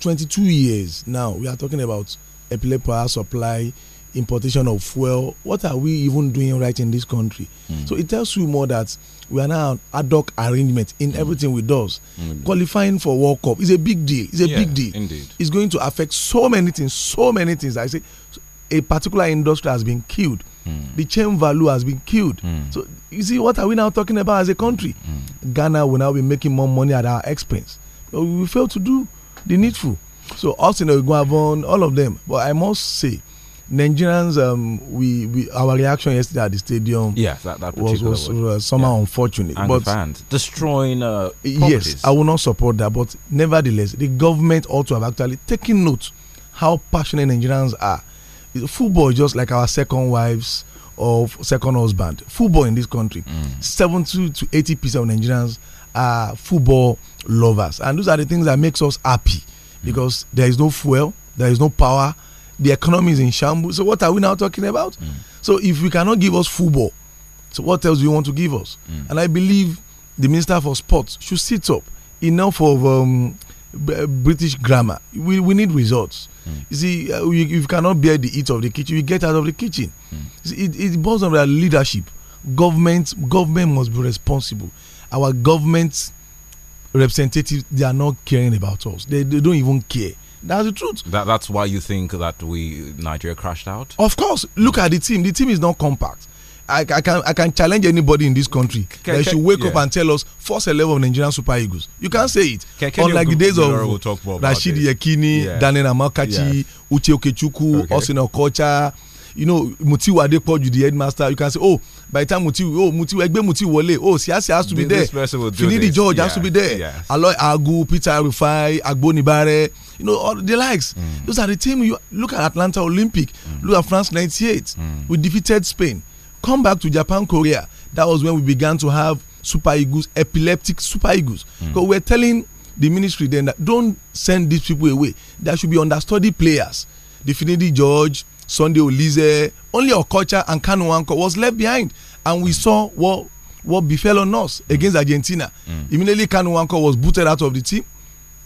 22 years now we are talking about epilepsy power supply importation of fuel what are we even doing right in this country mm. so it tells you more that we are now ad hoc arrangement in mm. everything we hmm, do. Mm. qualifying for world cup is a big deal it's a yeah, big deal indeed it's going to affect so many things so many things i say a particular industry has been killed hmm. the chain value has been killed hmm. so you see what are we now talking about as a country ghana will now be making more money at our expense but we fail to do the needful. So us in Oguavon, all of them. But I must say, Nigerians, um, we, we our reaction yesterday at the stadium, yeah, that, that was, was uh, somehow yeah. unfortunate. And but fans destroying, uh, yes, I will not support that. But nevertheless, the government ought to have actually taken note how passionate Nigerians are. Football is just like our second wives or second husband. Football in this country, mm. seventy to eighty percent of Nigerians are football lovers. And those are the things that makes us happy because there is no fuel, there is no power, the economy is in shambles. So what are we now talking about? Mm. So if we cannot give us football, so what else do you want to give us? Mm. And I believe the minister for sports should sit up enough of um, British grammar. We, we need results. Mm. You see, uh, you, you, cannot bear the heat of the kitchen. You get out of the kitchen. Mm. See, it, it boils down to leadership. Government government must be responsible our government representatives they are not caring about us they, they don't even care that's the truth that, that's why you think that we nigeria crashed out of course look at the team the team is not compact I, I, can I can challenge anybody in this country can, should wake yeah. up and tell us first eleven of Nigerian Super Eagles. You can't say it. Can, can Unlike the days of we'll Rashid Yekini, yeah. Daniel Amakachi, yeah. Uche Okechukwu, okay. Osinokocha you know Mutiu Adepoju the headmaster you can say oh by the time Mutiu oh Mutiu Egbe Mutiu Wole oh Siasi has to be there Finidi George yeah. has to be there yes. Aloy Agu Peter Rufai Agboni Nibare. you know all the likes mm. those are the team you look at Atlanta Olympic mm. look at France 98 mm. we defeated Spain come back to Japan Korea that was when we began to have super eagles epileptic super eagles because mm. we're telling the ministry then that don't send these people away there should be understudy players definitely Finidi George Sunday Olize, only Okocha and Kanu Anko was left behind. And we saw what what befell on us against Argentina. Mm. Immediately Kanu Anko was booted out of the team.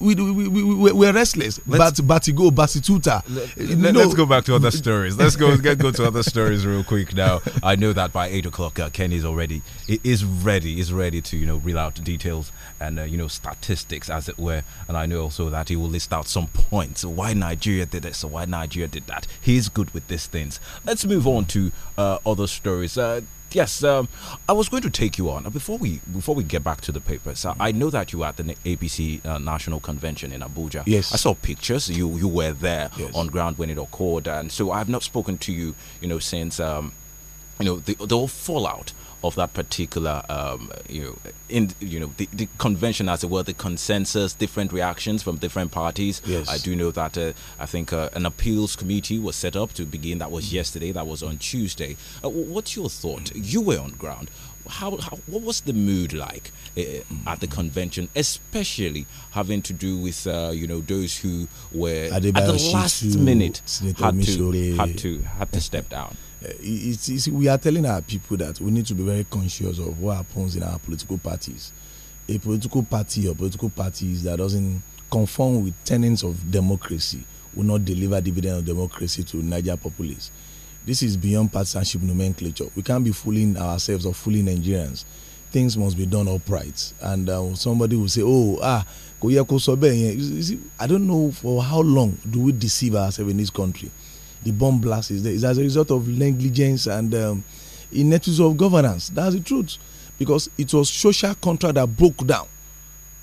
We, we, we, we, are restless. Let's, but Batigo, Basituta. Let, us no. go back to other stories. Let's go get go to other stories real quick now. I know that by eight o'clock, uh, already is ready is ready to you know reel out details and uh, you know statistics, as it were. And I know also that he will list out some points why Nigeria did this or why Nigeria did that. He's good with these things. Let's move on to uh, other stories. Uh, yes, um, I was going to take you on before we before we get back to the papers. I, uh, I know that you were at the APC uh, National Convention in Abuja. Yes, I saw pictures. You you were there yes. on ground when it occurred, and so I have not spoken to you, you know, since. Um, you know the, the whole fallout of that particular um, you know in you know the, the, convention as it were the consensus different reactions from different parties yes. i do know that uh, i think uh, an appeals committee was set up to begin that was yesterday that was on tuesday uh, what's your thought you were on ground how, how, what was the mood like uh, at the convention, especially having to do with uh, you know those who were at the last minute had to, had to had to step down. Eh, it's, it's, we are telling our people that we need to be very conscious of what happens in our political parties. A political party or political parties that doesn't conform with tenets of democracy will not deliver dividend of democracy to Niger populace. This is beyond partisanship nomenclature. We can't be fooling ourselves or fooling Nigerians. Things must be done upright. And uh, somebody will say, oh, ah, I don't know for how long do we deceive ourselves in this country. the bomb blast is there. It's as a result of negligence and um, ineptitude of governance. That's the truth. Because it was social contract that broke down,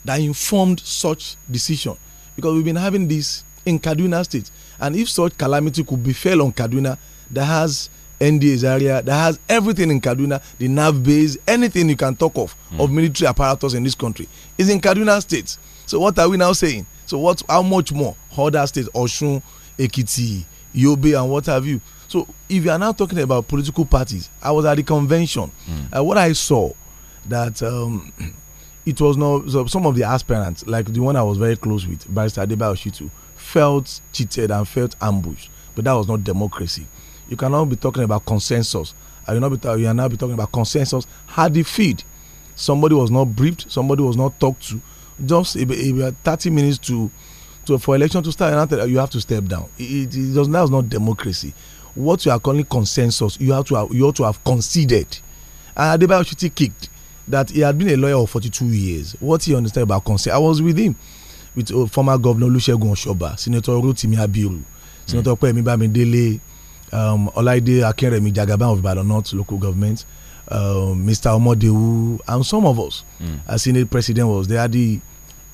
that informed such decision. Because we've been having this in Kaduna State. And if such calamity could befell on Kaduna, that has NDA's area, that has everything in Kaduna, the nav base, anything you can talk of mm. of military apparatus in this country is in Kaduna State. So what are we now saying? So what? How much more? Other states, Oshun, Ekiti, Yobe and what have you. So if you are now talking about political parties, I was at the convention. Mm. Uh, what I saw that um, it was not so some of the aspirants, like the one I was very close with, Barrister Adeba Oshitu, felt cheated and felt ambushed. But that was not democracy. You cannot be talking about consensus. I will not be you are now be talking about consensus. Had the feed, somebody was not briefed, somebody was not talked to. Just about 30 minutes to to, for election to start, you have to step down. It, it does, that's not democracy. What you are calling consensus, you have to have, you ought to have considered. And Adebayo Shitty kicked that he had been a lawyer for 42 years. What he understand about consent? I was with him, with uh, former Governor Olusegun Oshoba, Senator Rotimi Abiru, mm. Senator hmm. I Bamidele, um, Olaide Akinremi Jagaban of Ibadan North local government, um, Mr. Omodewu, and some of us. Mm. As Senate President was there, the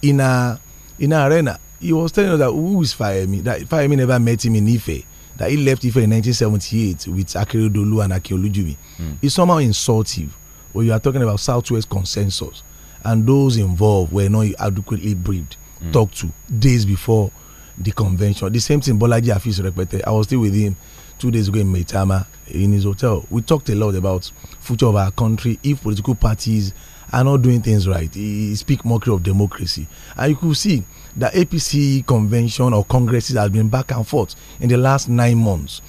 inner inner arena he was telling us that who is Fayemi? That Fayemi never met him in Ife. That he left Ife in 1978 with Akeredolu and Akiolujumi. Mm. It's somehow insultive when you are talking about Southwest consensus and those involved were not adequately briefed, mm. talked to days before the convention. The same thing Bolaji Afis repeated. I was still with him two days ago in Maitama in his hotel. We talked a lot about future of our country if political parties are not doing things right. He speak mockery of democracy. And you could see the APC convention or congresses has been back and forth in the last nine months.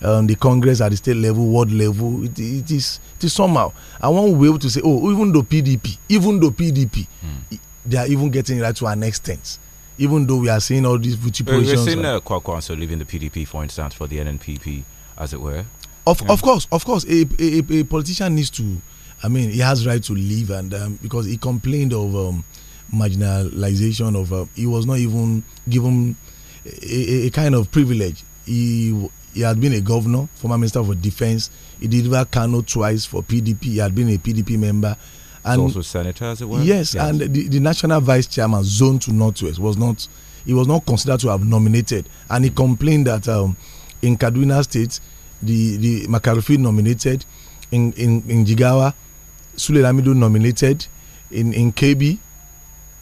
Um, the congress at the state level, world level, it, it is it is somehow. I won't be able to say, oh, even though PDP, even though PDP, mm. they are even getting right to an extent even though we are seeing all these vituperations. We're seeing uh, so leaving the PDP, for instance, for the NNPP, as it were. Of, yeah. Hmm. of course, of course, a, a, a, politician needs to. I mean, he has right to leave, and um, because he complained of um, marginalization of. Uh, he was not even given a, a, kind of privilege. He he had been a governor, former minister for defense. He delivered Kano twice for PDP. He had been a PDP member. And also senator as it were. Yes, yes. and the, the, national vice chairman zone to northwest was not. He was not considered to have nominated, and he complained that um, in Kaduna State, the the Makarufi nominated, in in in Jigawa, Sule Lamido nominated, in in KB,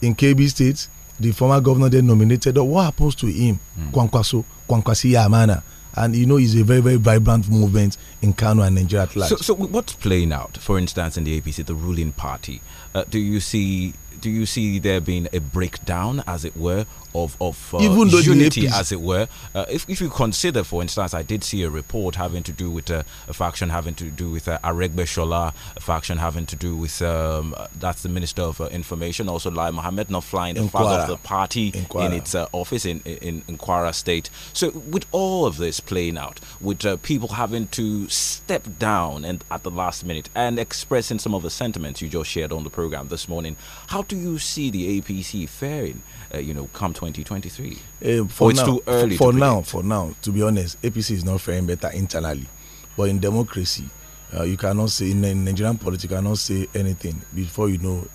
in KB State, the former governor then nominated. What happens to him? Mm. Kwankwaso, Kwankwasi Yamana. And you know, he's a very, very vibrant movement in Kano and Nigeria at large. So, so what's playing out, for instance, in the APC, the ruling party? Uh, do you see do you see there being a breakdown, as it were, of of uh, even though unity, as it were. Uh, if if you consider, for instance, I did see a report having to do with uh, a faction having to do with uh, Aregbe Shola, a faction having to do with um, uh, that's the Minister of uh, Information, also Lai Mohammed not flying the flag of the party Inquara. in its uh, office in in, Kwara State. So with all of this playing out, with people having to step down and at the last minute and expressing some of the sentiments you just shared on the program this morning, how do you see the APC faring? you know, come to 2023? Uh, eh, for oh, it's now, too early. For to now, for now, to be honest, APC is not faring better internally. But in democracy, uh, you cannot say, in, in Nigerian politics, you cannot say anything before you know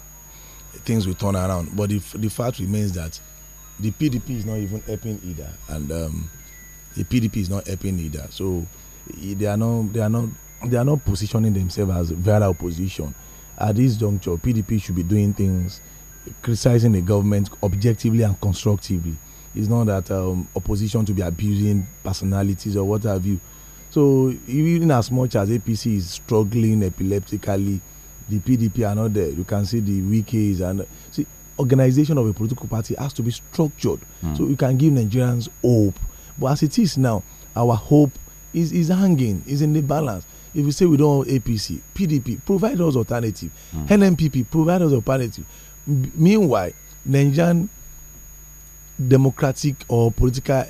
things will turn around. But the, the fact remains that the PDP is not even helping either. And um, the PDP is not helping either. So eh, they are not, they are not, they are not positioning themselves as viral opposition. At this juncture, PDP should be doing things criticizing the government objectively and constructively. It's not that um, opposition to be abusing personalities or what have you. So even as much as APC is struggling epileptically, the PDP are not there. You can see the weakies and see organization of a political party has to be structured mm. so you can give Nigerians hope. But as it is now, our hope is is hanging, is in the balance. If we say we don't have APC, PDP, provide us alternative. Mm. NMPP, provide us alternative meanwhile nigerian democratic or political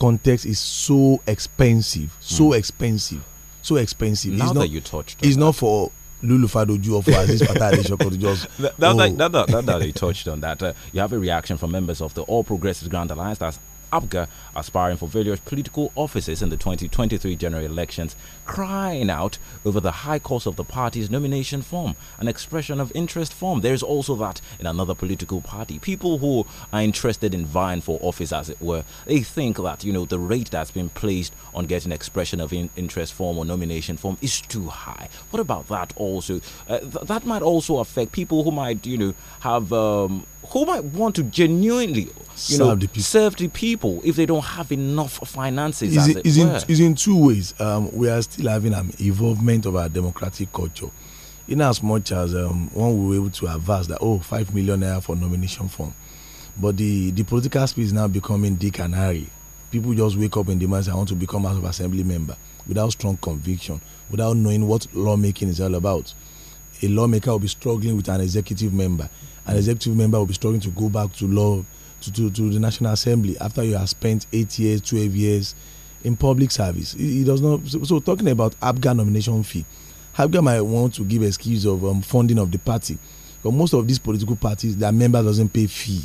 context is so expensive so mm. expensive so expensive now it's that not, you touched it's that. not for Lulu Fadoju of Aziz Patari to just. oh. that, that, that, that, you touched on that, uh, you have a reaction from members of the All Progressive Grand Alliance that's Abga aspiring for various political offices in the 2023 general elections, crying out over the high cost of the party's nomination form, an expression of interest form. There is also that in another political party. People who are interested in vying for office, as it were, they think that, you know, the rate that's been placed on getting expression of in interest form or nomination form is too high. What about that also? Uh, th that might also affect people who might, you know, have um, who might want to genuinely you serve know the serve the people if they don't have enough finances is, it, is in, is in two ways um, we are still having an involvement of our democratic culture in as much as um, one we were able to advance that oh five million naira for nomination form but the the political space is now becoming dick and harry people just wake up and demand i want to become house of assembly member without strong conviction without knowing what lawmaking is all about a lawmaker will be struggling with an executive member an executive member will be struggling to go back to law to, to, to the National Assembly after you have spent eight years, 12 years in public service. It, does not. So, so, talking about ABGA nomination fee, ABGA might want to give excuse of um, funding of the party. But most of these political parties, their member doesn't pay fee.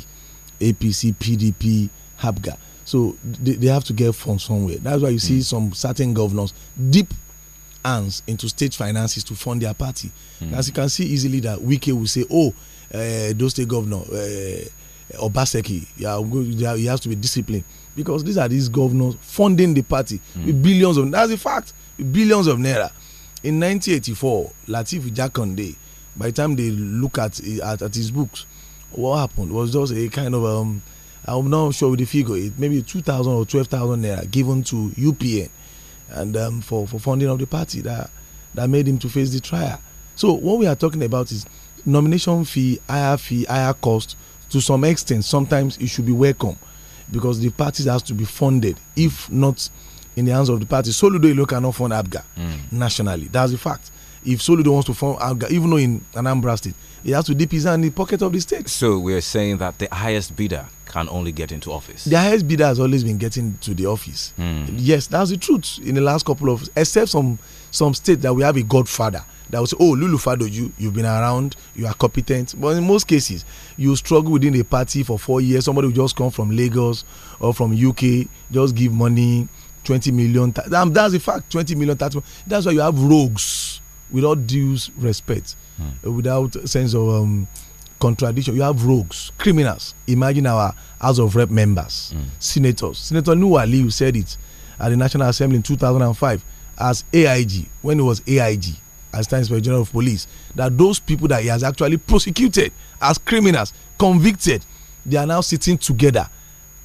APC, PDP, HABGA. So they, they have to get funds somewhere. That's why you see hmm. some certain governors deep hands into state finances to fund their party. Mm. As you can see easily that Wike will say, oh, uh, eh, those state governor uh, Obaseki. Yeah, he has to be disciplined because these are these governors funding the party mm. with billions of that's the fact billions of naira. In 1984, Latif Jakande, by the time they look at, at, at his books, what happened was just a kind of um, I'm not sure with the figure, it maybe 2,000 or 12,000 naira given to UPN and um, for for funding of the party that that made him to face the trial. So what we are talking about is nomination fee higher fee higher cost to some extent sometimes it should be welcome because the party has to be funded if not in the hands of the party soludo ilo cannot fund abga mm. nationally that's the fact if Soludo wants to form, even though in Anambra State, he has to dip his hand in the pocket of the state. So we are saying that the highest bidder can only get into office. The highest bidder has always been getting to the office. Mm. Yes, that's the truth. In the last couple of, except some some states that we have a godfather that will say, "Oh, Lulu Fado, you you've been around, you are competent." But in most cases, you struggle within the party for four years. Somebody will just come from Lagos or from UK, just give money, twenty million. that's the fact. Twenty million. That's why you have rogues without due respect, mm. without sense of um, contradiction. You have rogues, criminals. Imagine our House of Rep members, mm. senators. Senator who said it at the National Assembly in 2005 as AIG, when it was AIG, as Time for General of Police, that those people that he has actually prosecuted as criminals, convicted, they are now sitting together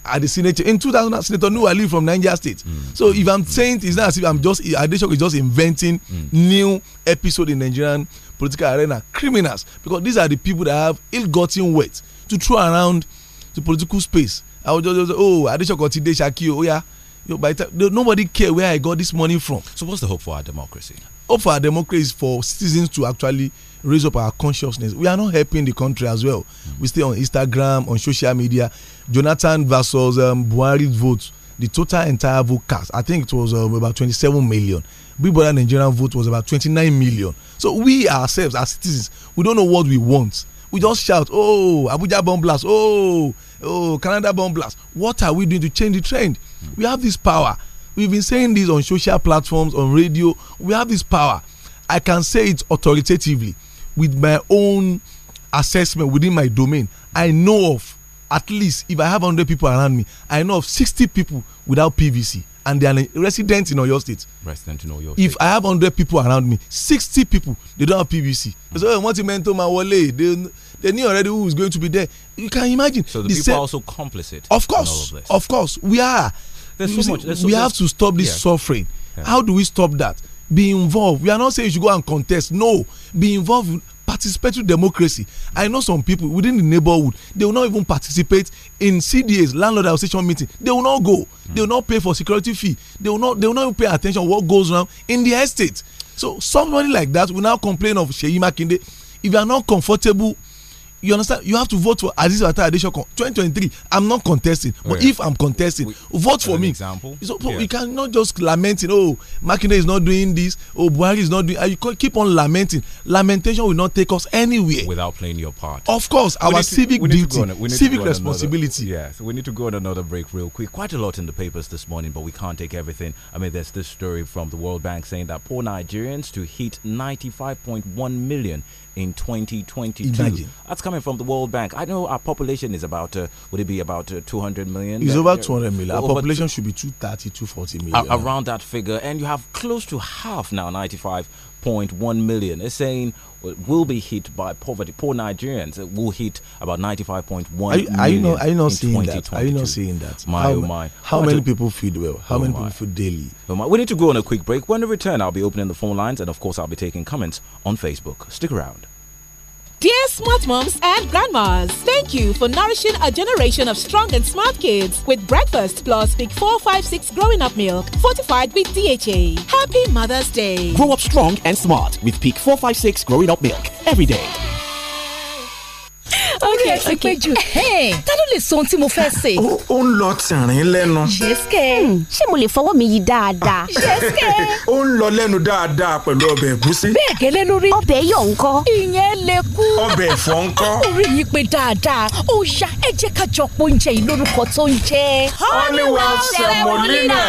at the senate in 2000 senator nuwali from niger state mm. so if i'm saying it's not as if i'm just adesoku is just inventing mm. new episode in nigerian political arena criminals because these are the people that have ill-gotten wealth to throw around the political space i would just, just oh adesoku ti de saki o oh, oya you know, by time, nobody care where i got this money from. so what's the hope for our democracy. hope for our democracy is for citizens to actually raise up our consciousness. We are not helping the country as well. Mm -hmm. We stay on Instagram, on social media. Jonathan versus um, Buhari's vote, the total entire vote cast, I think it was um, about 27 million. Big Brother Nigerian vote was about 29 million. So we ourselves, as citizens, we don't know what we want. We just shout, oh, Abuja bomb blast, oh, oh, Canada bomb blast. What are we doing to change the trend? Mm -hmm. We have this power. We've been saying this on social platforms, on radio. We have this power. I can say it authoritatively with my own assessment within my domain i know of at least if i have hundred people around me i know of sixty people without pvc and they are residents in oyo state. resident in oyo state if i have hundred people around me sixty people they don't have pvc. Mm. so oh, you meant to my wọlé they they knew already who is going to be there you can imagine. so the, the people are also complicit. of course of, of, course we are. there's so much there's we have to stop this yeah. suffering. Yeah. how do we stop that be involved we are not saying you should go and contest no be involved in participatory democracy i know some people within the neighborhood they will not even participate in cdas landlord association meeting they will not go mm. they will not pay for security fee they will not they will not pay attention what goes on in the estate so somebody like that will now complain of sheyi makinde if you are not comfortable you understand you have to vote for aziz bata adesokan 2023 i'm not contesting but oh, yeah. if i'm contesting we, vote for me example so, so yeah. you cannot just lamenting oh makinde is not doing this oh buhari is not doing you keep on lamenting lamentation will not take us anywhere without playing your part of course we our civic duty on, civic responsibility another, yeah so we need to go on another break real quick quite a lot in the papers this morning but we can't take everything i mean there's this story from the world bank saying that poor nigerians to hit 95.1 million in 2022 Imagine. that's coming from the World Bank. I know our population is about, uh, would it be about uh, 200 million? It's uh, over uh, 200 million. Our population should be 230, 240 million. around that figure. And you have close to half now, 95.1 million, It's saying will be hit by poverty. Poor Nigerians will hit about 95.1 are you, not, are you not seeing that? Are you not seeing that? My, how, oh my. How many people feed well? How oh many my. people feed daily? Oh my. We need to go on a quick break. When we return, I'll be opening the phone lines and, of course, I'll be taking comments on Facebook. Stick around. Dear smart moms and grandmas, thank you for nourishing a generation of strong and smart kids with breakfast plus Big 456 growing up milk fortified with DHA. Happy Mother's Day. Grow up strong and smart with Peak 456 growing up milk every day. orí ẹ ti pé jù ta ló lè sọ ohun tí mo fẹ́ ṣe. ó ń lọ tìrín lẹ́nu. yẹ́sìkẹ́ hmm, ṣé mo lè fọwọ́ mi yí dáadáa. yẹ́sìkẹ́ ah, ó ń lọ lẹ́nu dáadáa pẹ̀lú ọbẹ̀ ẹ̀gúsí. bẹ́ẹ̀ gẹ́lẹ́ lórí. ọbẹ̀ yọ̀ ńkọ́. ìyẹn lè kú. ọbẹ̀ ẹ̀fọ́ ńkọ́. orí yìí pé dáadáa ó yá ẹ jẹ́ ká jọ pọ̀ oúnjẹ Honeywell semolina.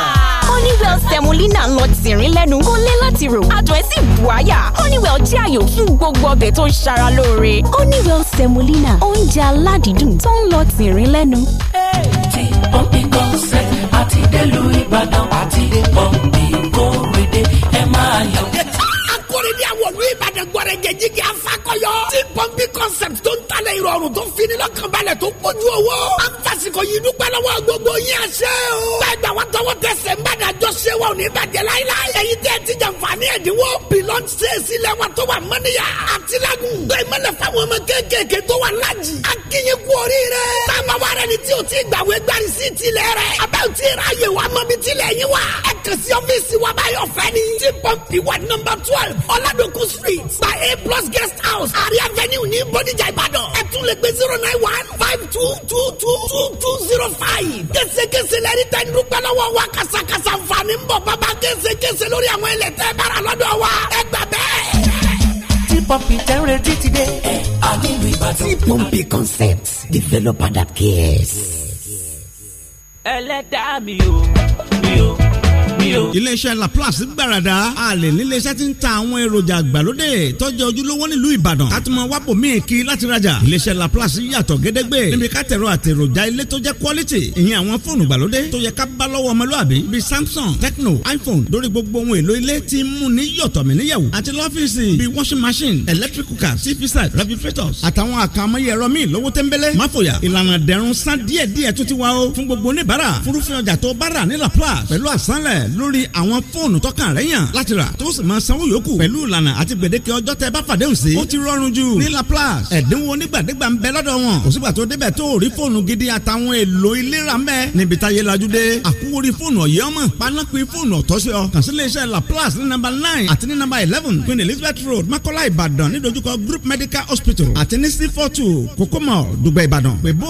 Honeywell semolina ń lọ tìrín lẹ́nu kó lé láti rò adùn ẹ̀ sì bù àyà Honeywell jẹ́ àyò fún gbogbo ọbẹ̀ tó ń ṣara lóore. Honeywell semolina oúnjẹ aládìídùn tó ń lọ tìrín lẹ́nu. ti pọ́ńpì concept àti délùú Ìbàdàn àti pọ́ńpì. gbọrẹgẹ jigi afakọyọ. tí pọnpi concept tó ń talẹ̀ ìrọ̀rùn tó fini lọ́kànbalẹ̀ tó kojú owó. an fasikọ yìí dúpẹ́ lọ́wọ́ gbogbo yín àṣẹ o. gbàgbà wa tọwọ́ tẹ sẹ́ńbàdà jọ ṣé wa ò ní bàjẹ́ láíláí. èyí tẹ́ ti jàǹfààní ẹ̀dínwó. pilọ́n ṣe é sílẹ̀ wa tó wà mọ́níyà. àti lagun. dọ̀ ìmọ̀lẹ̀ fáwọn ọmọ kéékèèké tó wà lájì. a kì í kú oríire. táwọn wa rẹ ni tí o ti gbàwé gbàrí sí tilẹ̀ rẹ̀. a bẹ́ẹ̀ ti ra yè wa mọ́bi tilẹ̀ yín wa. ẹ kàn sí ọ́fíìsì wa báyọ̀ fẹ́ ni. tí pọ́ǹpì wa nọ́mbà twelve ọ̀làdọ̀kú street by A plus guest house àrí avenue ní Bódìjà Ìbàdàn ẹ tún lè pè zero nine one five two two two two two zero five késekése lẹ́rìí tẹ́ ń dúpẹ́ lọ́wọ́ wa kàṣàkàṣà nfààní ń bọ̀ bàbá késekése lórí àwọn ilẹ̀ tẹ́ bára lọ́dọ̀ wa ẹ gbà bẹ́ẹ̀ pọ́ǹpì tẹ́ ń retí ẹ a nílùú ìbàdàn. tí concepts developer that cares. ẹlẹ́dàá mi ò mi ò mi o. iléeṣẹ́ laplace gbàràdà alẹ́ níléeṣẹ́ ti ń ta àwọn èròjà àgbàlódé tọ́jú ojúlówó nílùú ìbàdàn kátùmọ̀ wápò míì kí láti rajà iléeṣẹ́ laplace yàtọ̀ gédégbé níbi kátẹ̀rọ àtèròjà ilé tó jẹ́ quality ìyẹn àwọn fóònù gbàlódé tó yẹ ká bá lọ́wọ́ ọmọlúàbí bíi samsung tecno iphone lórí gbogbo ohun èlò ilé ti mú ní yọ̀tọ̀mí níyàwó àti lọ́fíìsì bíi washing machine electric cooker tv set refrigerators àtàwọn àkàmọ́yẹ ẹ̀rọ míì lówó tẹ́ńbẹ́lẹ́ máfòyà ìlànà dẹ̀rùn san díẹ̀díẹ̀ tó ti wá o fún gbogbo oníbàárà fúrúfin ọjà tó bá rà ní laplace pẹ̀lú àsánlẹ̀ lórí àwọn fóònù tọ́kàn rẹ̀ yàn láti rà tó sì máa sanwó yòókù pẹ̀lú ìlànà àti gbèdéke ọjọ́ tẹ́ bá fàdéhùn sí. ó ti rọrùn jù ní Laplace ẹ̀dínwó onígbàdégbà ń bẹ lọ́dọ̀ wọn kò sígbà tó débẹ̀ tó rí fóònù gidi àtàwọn èlò ìlera ń bẹ níbi táyé lajú dé àkúwórí fóònù ọ̀yẹ́ ọmọ panápin fóònù ọ̀tọ́sọ kàn sí iléeṣẹ́ Laplace ní nọ́mbà nine àti ní eleven Queen Elizabeth Road Makola Ìbàdàn nídojúkọ Group Medical Hospital àti ní c four two kokomo Dùgbẹ̀ Ìbàdàn pè bó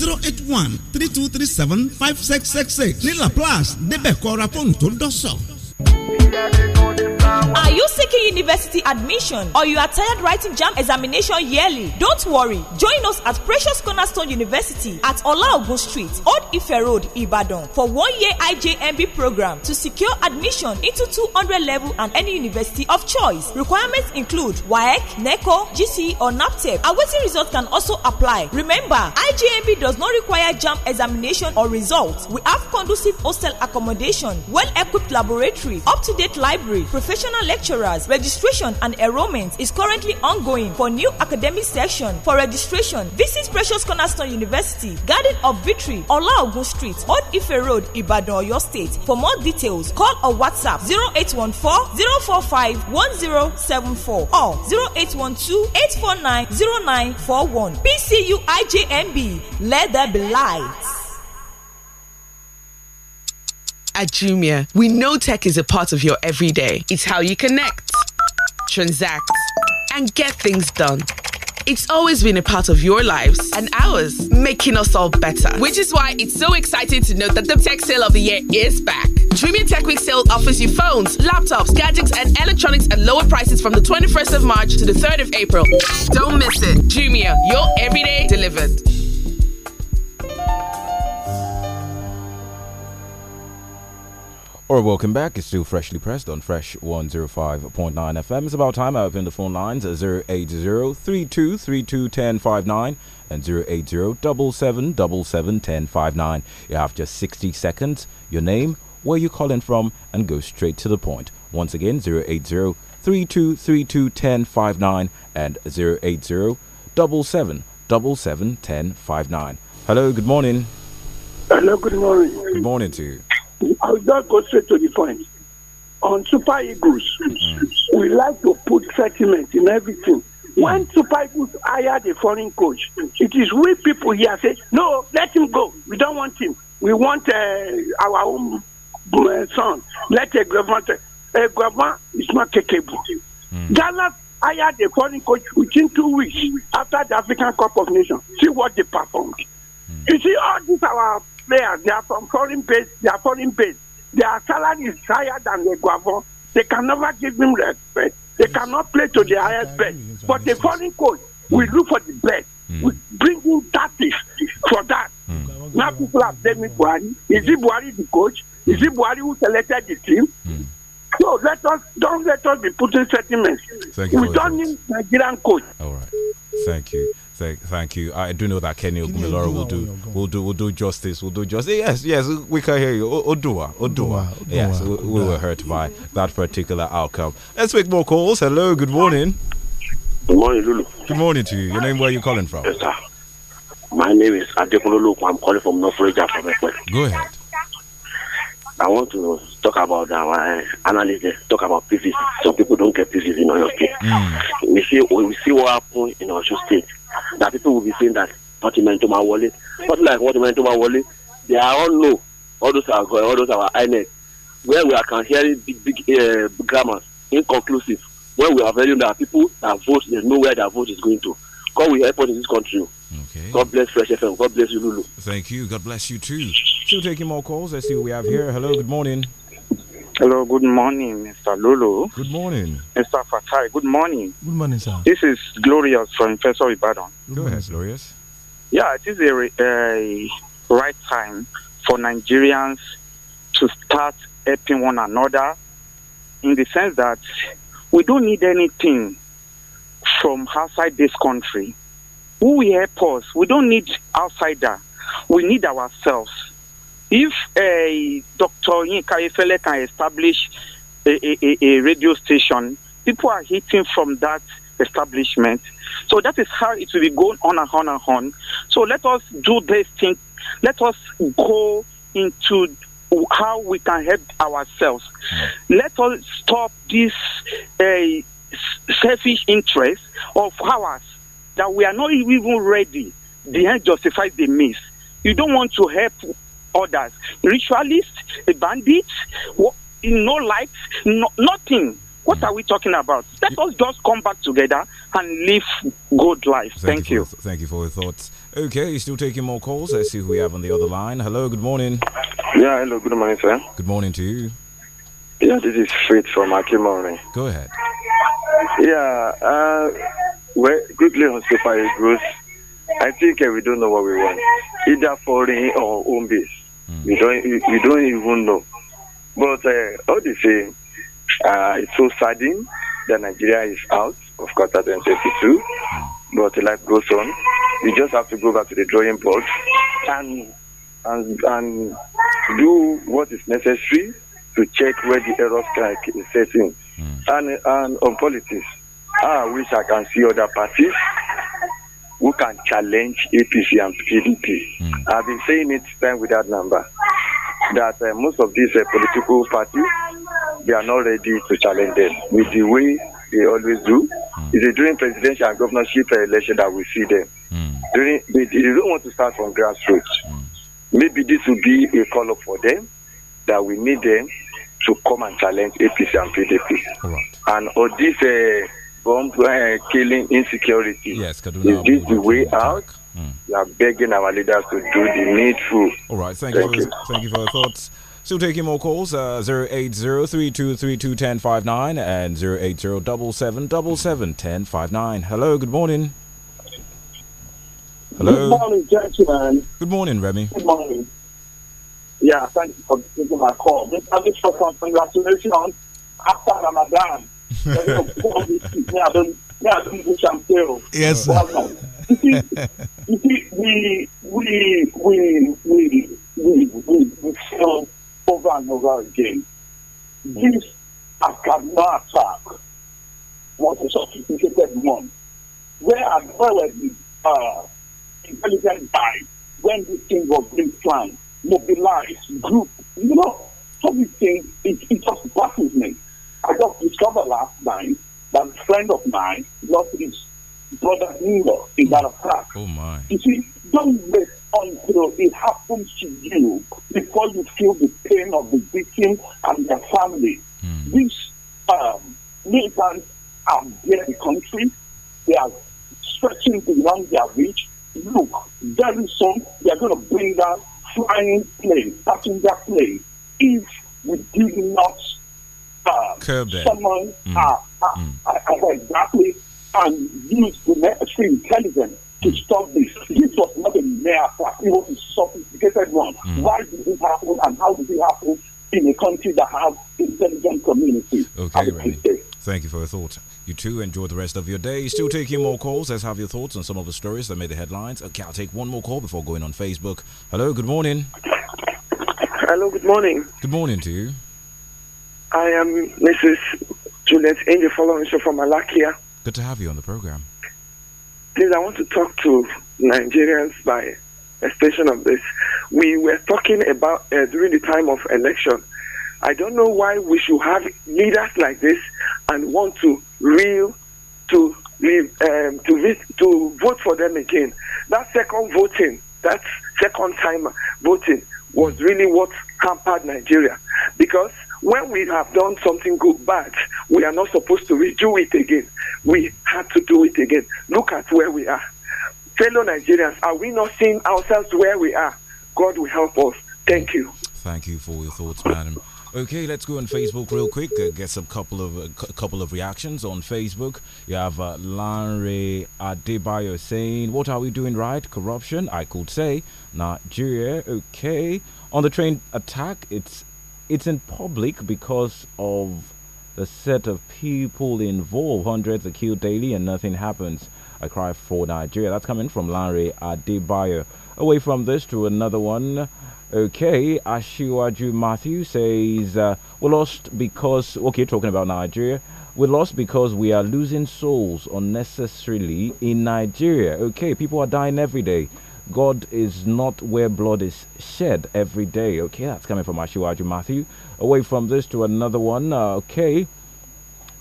zero eight one three two three seven five six six six ní Laplace débẹ̀ kọ́ra PONTOL DASAN Are you seeking university admission or you are tired writing JAMB examination yearly? Don't worry. Join us at Precious Cornerstone University at Olaogun Street, Old Ife Road, Ibadan for one-year IJMB program to secure admission into 200 level and any university of choice. Requirements include WAEC, NECO, GC e, or NAPTEP. Awaiting results can also apply. Remember, IJMB does not require JAMB examination or results. We have conducive hostel accommodation, well-equipped laboratory, up-to-date library, professional Additional lecturers, registration and enrollment is currently ongoing for new academic session. For registration, visit Precious Cornerstone University, Garden of Victory, Olaogun Street, Old Ife Road, Ibadan, Oyo State. For more details, call or WhatsApp 0814-045-1074 or 0812-849-0941. PCU IJMB, let there be light. at Jumia, we know tech is a part of your everyday. It's how you connect, transact, and get things done. It's always been a part of your lives and ours, making us all better. Which is why it's so exciting to note that the tech sale of the year is back. Jumia Tech Week sale offers you phones, laptops, gadgets, and electronics at lower prices from the 21st of March to the 3rd of April. Don't miss it. Jumia, your everyday delivered. All right, welcome back. It's still freshly pressed on Fresh 105.9 FM. It's about time I open the phone lines at 80 and 80 777 You have just 60 seconds, your name, where you're calling from, and go straight to the point. Once again, 80 3232 and 80 777 Hello, good morning. Hello, good morning. Good morning to you. I will just go straight to the point. On Super Eagles, mm. we like to put sentiment in everything. When Super Eagles hired a foreign coach, it is we people here say, no, let him go. We don't want him. We want uh, our own uh, son. Let a government. Uh, a government is not capable. Mm. Ghana hired a foreign coach within two weeks after the African Cup of Nations. See what they performed. Mm. You see, all these our players, they are from foreign base, they are foreign base. Their salary is higher than the Guavon. They can never give him respect. They cannot play to the highest best. But the foreign coach, will look for the best. Mm. We bring in tactics for that. Mm. Now people are blaming Buhari. Is it Buhari the coach? Is it Buhari who selected the team? Mm. So let us don't let us be putting sentiments. We don't need Nigerian coach. All right. Thank you. Thank, thank you. I do know that Kenny Ogumiloro will do, will do, will do justice. Will do justice. Yes, yes, we can hear you. Odua, Odua. yes, we, we were hurt by that particular outcome. Let's make more calls. Hello, good morning. Good morning, Lulu. Good morning to you. Your name? Where are you calling from? Yes, sir. My name is Adekunle I'm calling from North Raja from Ekwe. Go ahead. I want to talk about our uh, analysis, talk about PVC. Some people don't get PVC in our state. Mm. We see we see what happened in our state that people will be saying that what Fatima my wallet, But like what Fatima my wallet. they are all know all those are all those are INEC. Where we are can hear big big uh, grammars, inconclusive. Where we are very that people that vote, they know where their vote is going to. God will help us in this country. Okay. God bless Fresh FM. God bless you, Lulu. Thank you. God bless you too. Still taking more calls. Let's see what we have here. Hello. Good morning. Hello, good morning, Mr. Lulu. Good morning. Mr. Fatai, good morning. Good morning, sir. This is Glorious from Professor Ibadan. Good morning, ahead, Glorious. Yeah, it is a, a right time for Nigerians to start helping one another in the sense that we don't need anything from outside this country. Who will help us? We don't need outsider. We need ourselves if a Dr. Yinka Efele can establish a, a, a radio station, people are hitting from that establishment. So that is how it will be going on and on and on. So let us do this thing. Let us go into how we can help ourselves. Mm. Let us stop this uh, selfish interest of ours that we are not even ready. The end justifies the means. You don't want to help others. Ritualists, bandits, no lights, no, nothing. What mm. are we talking about? Let us just come back together and live good life. Thank, thank you. For, thank you for your thoughts. Okay, you're still taking more calls. Let's see who we have on the other line. Hello, good morning. Yeah, hello, good morning, sir. Good morning to you. Yeah, this is Fritz from Akimori. Go ahead. Yeah, uh, quickly on Super I think uh, we don't know what we want, either foreign or home base. Mm. You don't you, you, don't even know. But uh, all the same, uh, it's so saddening that Nigeria is out of Qatar 2022. Mm. But life goes on. You just have to go back to the drawing board and and and do what is necessary to check where the errors is setting. Mm. And and on politics, I wish I can see other parties who can challenge APC and PDP. Mm. I've been saying it time without number that uh, most of these uh, political parties they are not ready to challenge them with the way they always do. Mm. It's during presidential and governorship election that we see them. Mm. During, they, they, don't want to start from grassroots. Mm. Maybe this will be a call up for them that we need them to come and challenge APC and PDP. Right. And all these. Uh, from uh, killing insecurity. Yes, Kaduna. Is this the way out? Mm. We are begging our leaders to do the needful. All right, thank, thank you. you. Thank you for your thoughts. Still taking more calls, uh, 080-3232-1059 and 080-7777-1059. Hello, good morning. Hello. Good morning, gentlemen. Good morning, Remy. Good morning. Yeah, thank you for taking my call. Mr. for congratulations. After Ramadan, yes, sir. you see, you see, we we we we we we, we feel over and over again. This Akadma attack was a sophisticated one. Where as well as the uh, intelligent guy, when this thing was being planned, mobilized, group, you know, everything, it, it just baffles me. I just discovered last night that a friend of mine lost his brother in law in that attack. Oh, my. You see, don't wait until it happens to you before you feel the pain of the victim and their family. Mm. These um, militants are there in the country. They are stretching beyond their reach. Look, very soon they are going to bring down flying plane, passenger plane, if we do not uh, someone mm. uh, uh mm. Uh, uh, exactly and um, use the necessary intelligence to mm. stop this. This was not a mere fact. It was a sophisticated one. Mm. Why did it happen and how did it happen in a country that has intelligent communities? Okay, Thank you for your thoughts. You too enjoy the rest of your day. Still taking more calls. Let's have your thoughts on some of the stories that made the headlines. Okay, I'll take one more call before going on Facebook. Hello, good morning. Hello, good morning. Good morning to you. I am Mrs. Juliet Angel following so from Malakia. Good to have you on the program. Please, I want to talk to Nigerians by extension of this. We were talking about uh, during the time of election. I don't know why we should have leaders like this and want to reel to um, to, to vote for them again. That second voting, that second time voting, was mm. really what hampered Nigeria because when we have done something good bad, we are not supposed to redo it again. We had to do it again. Look at where we are. Fellow Nigerians, are we not seeing ourselves where we are? God will help us. Thank you. Thank you for your thoughts, madam. Okay, let's go on Facebook real quick. Uh, get some couple of uh, couple of reactions on Facebook. You have uh, Lanre Adebayo saying, "What are we doing right? Corruption, I could say. Nigeria, okay. On the train attack, it's it's in public because of the set of people involved. Hundreds are killed daily and nothing happens. A cry for Nigeria. That's coming from Larry Adebayo. Away from this to another one. Okay, Ashiwaju Matthew says, uh, We lost because, okay, talking about Nigeria, we lost because we are losing souls unnecessarily in Nigeria. Okay, people are dying every day. God is not where blood is shed every day. Okay, that's coming from Ashiwaju Matthew. Away from this to another one. Uh, okay.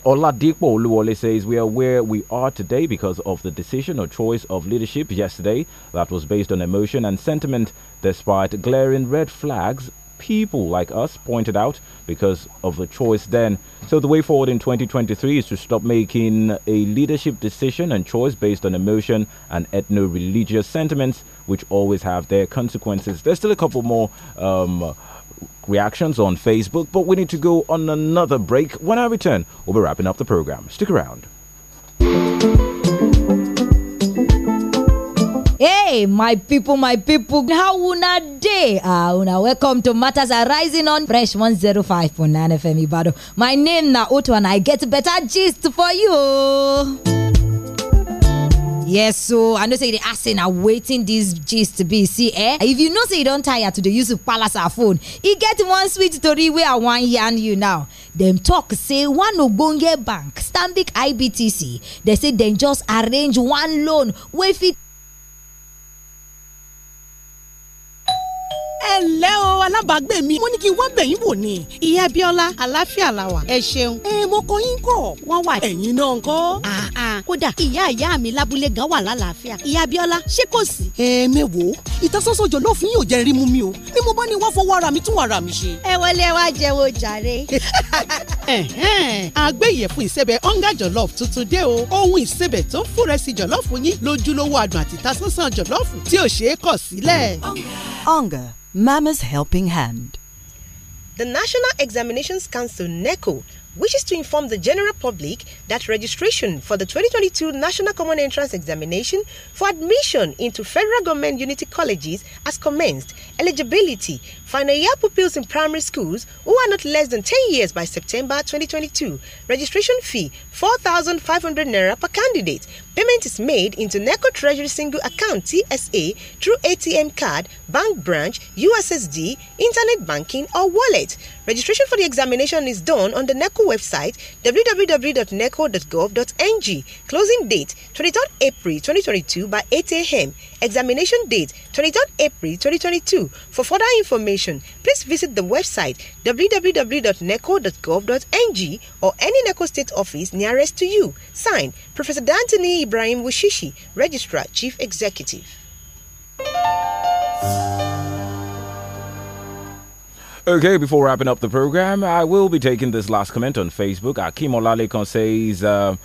Oladipo Oluwole says we are where we are today because of the decision or choice of leadership yesterday that was based on emotion and sentiment despite glaring red flags people like us pointed out because of the choice then. So the way forward in 2023 is to stop making a leadership decision and choice based on emotion and ethno-religious sentiments which always have their consequences. There's still a couple more. Um, reactions on Facebook, but we need to go on another break. When I return, we'll be wrapping up the program. Stick around. Hey, my people, my people, how una day? Ah, una welcome to Matters Arising on Fresh 105.9 FM Ibado. My name na Otu and I get better gist for you yes so i know say you dey ask say waiting this dis to be see eh if you know say you don't tire to the use palace our phone he get one sweet story where i want yarn you now them talk say one ogbonge bank Stambik ibtc They say they just arrange one loan with it. alábàágbé mi mo ní kí n wá bẹ̀yìn wò ni. ìyá Bíọ́lá àláfíà la wà. ẹ ṣeun. ẹ mo kọ yín kọ. wọ́n wà ẹ̀yin náà ńkọ́. kódà ìyá ìyá mi lábúlé gan wà lálàáfíà. ìyá Bíọ́lá ṣé kò sí. ẹ mẹ́wòó ìtasọ́sọ́ jọ lófin yóò jẹ́ rímú mi o ni mo bá ní wá fọwọ́ ara mi tún ara mi ṣe. ẹ wọlé wá jẹ́wọ́ jàre. àgbẹ̀yẹ̀fun ìsẹ̀bẹ̀ ọ̀ngá jọ̀lọ́f tuntun dé o ohun ìsẹ̀bẹ̀ tó ń fúnrẹ́sì jọ̀lọ́fù yín lójúlówó adùn àti ìtasọ́sọ́ jọ̀lọ́fù tí ò ṣeé kọ̀ sílẹ̀. ọ̀ngá Mama's Helping Hand. The National Examinations Council, NECO, wishes to inform the general public that registration for the 2022 National Common Entrance Examination for admission into federal government unity colleges has commenced. Eligibility Final year pupils in primary schools who are not less than 10 years by September 2022. Registration fee 4,500 naira per candidate. Payment is made into NECO Treasury Single Account TSA through ATM card, bank branch, USSD, internet banking, or wallet. Registration for the examination is done on the NECO website www.neco.gov.ng. Closing date 23rd April 2022 by 8 a.m. Examination date 23rd April 2022. For further information, please visit the website www.neco.gov.ng or any NECO state office nearest to you. Signed, Professor Dantini Ibrahim Wushishi, Registrar, Chief Executive. Okay, before wrapping up the program, I will be taking this last comment on Facebook. Akim Olalekan says, uh,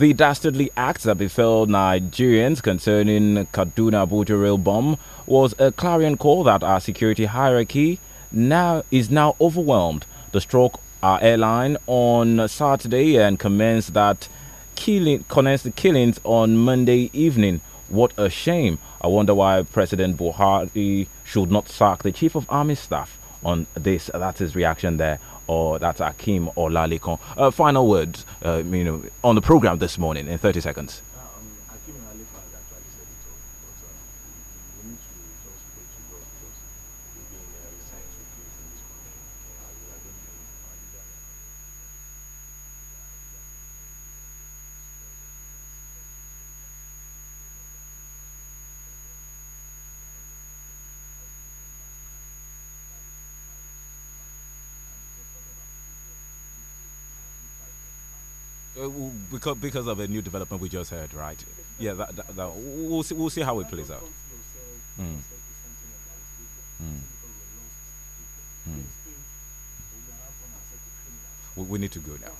the dastardly act that befell Nigerians concerning Kaduna Abuja rail bomb was a clarion call that our security hierarchy now is now overwhelmed. The stroke our airline on Saturday and commenced that killing commenced the killings on Monday evening. What a shame. I wonder why President Buhari should not sack the Chief of Army Staff on this. That's his reaction there or that's Akim or Lalikon. Uh, final words, uh, you know, on the program this morning in 30 seconds. because because of a new development we just heard, right? Yeah, that, that, that we'll see we'll see how it plays out. Mm. Mm. We, need to go now.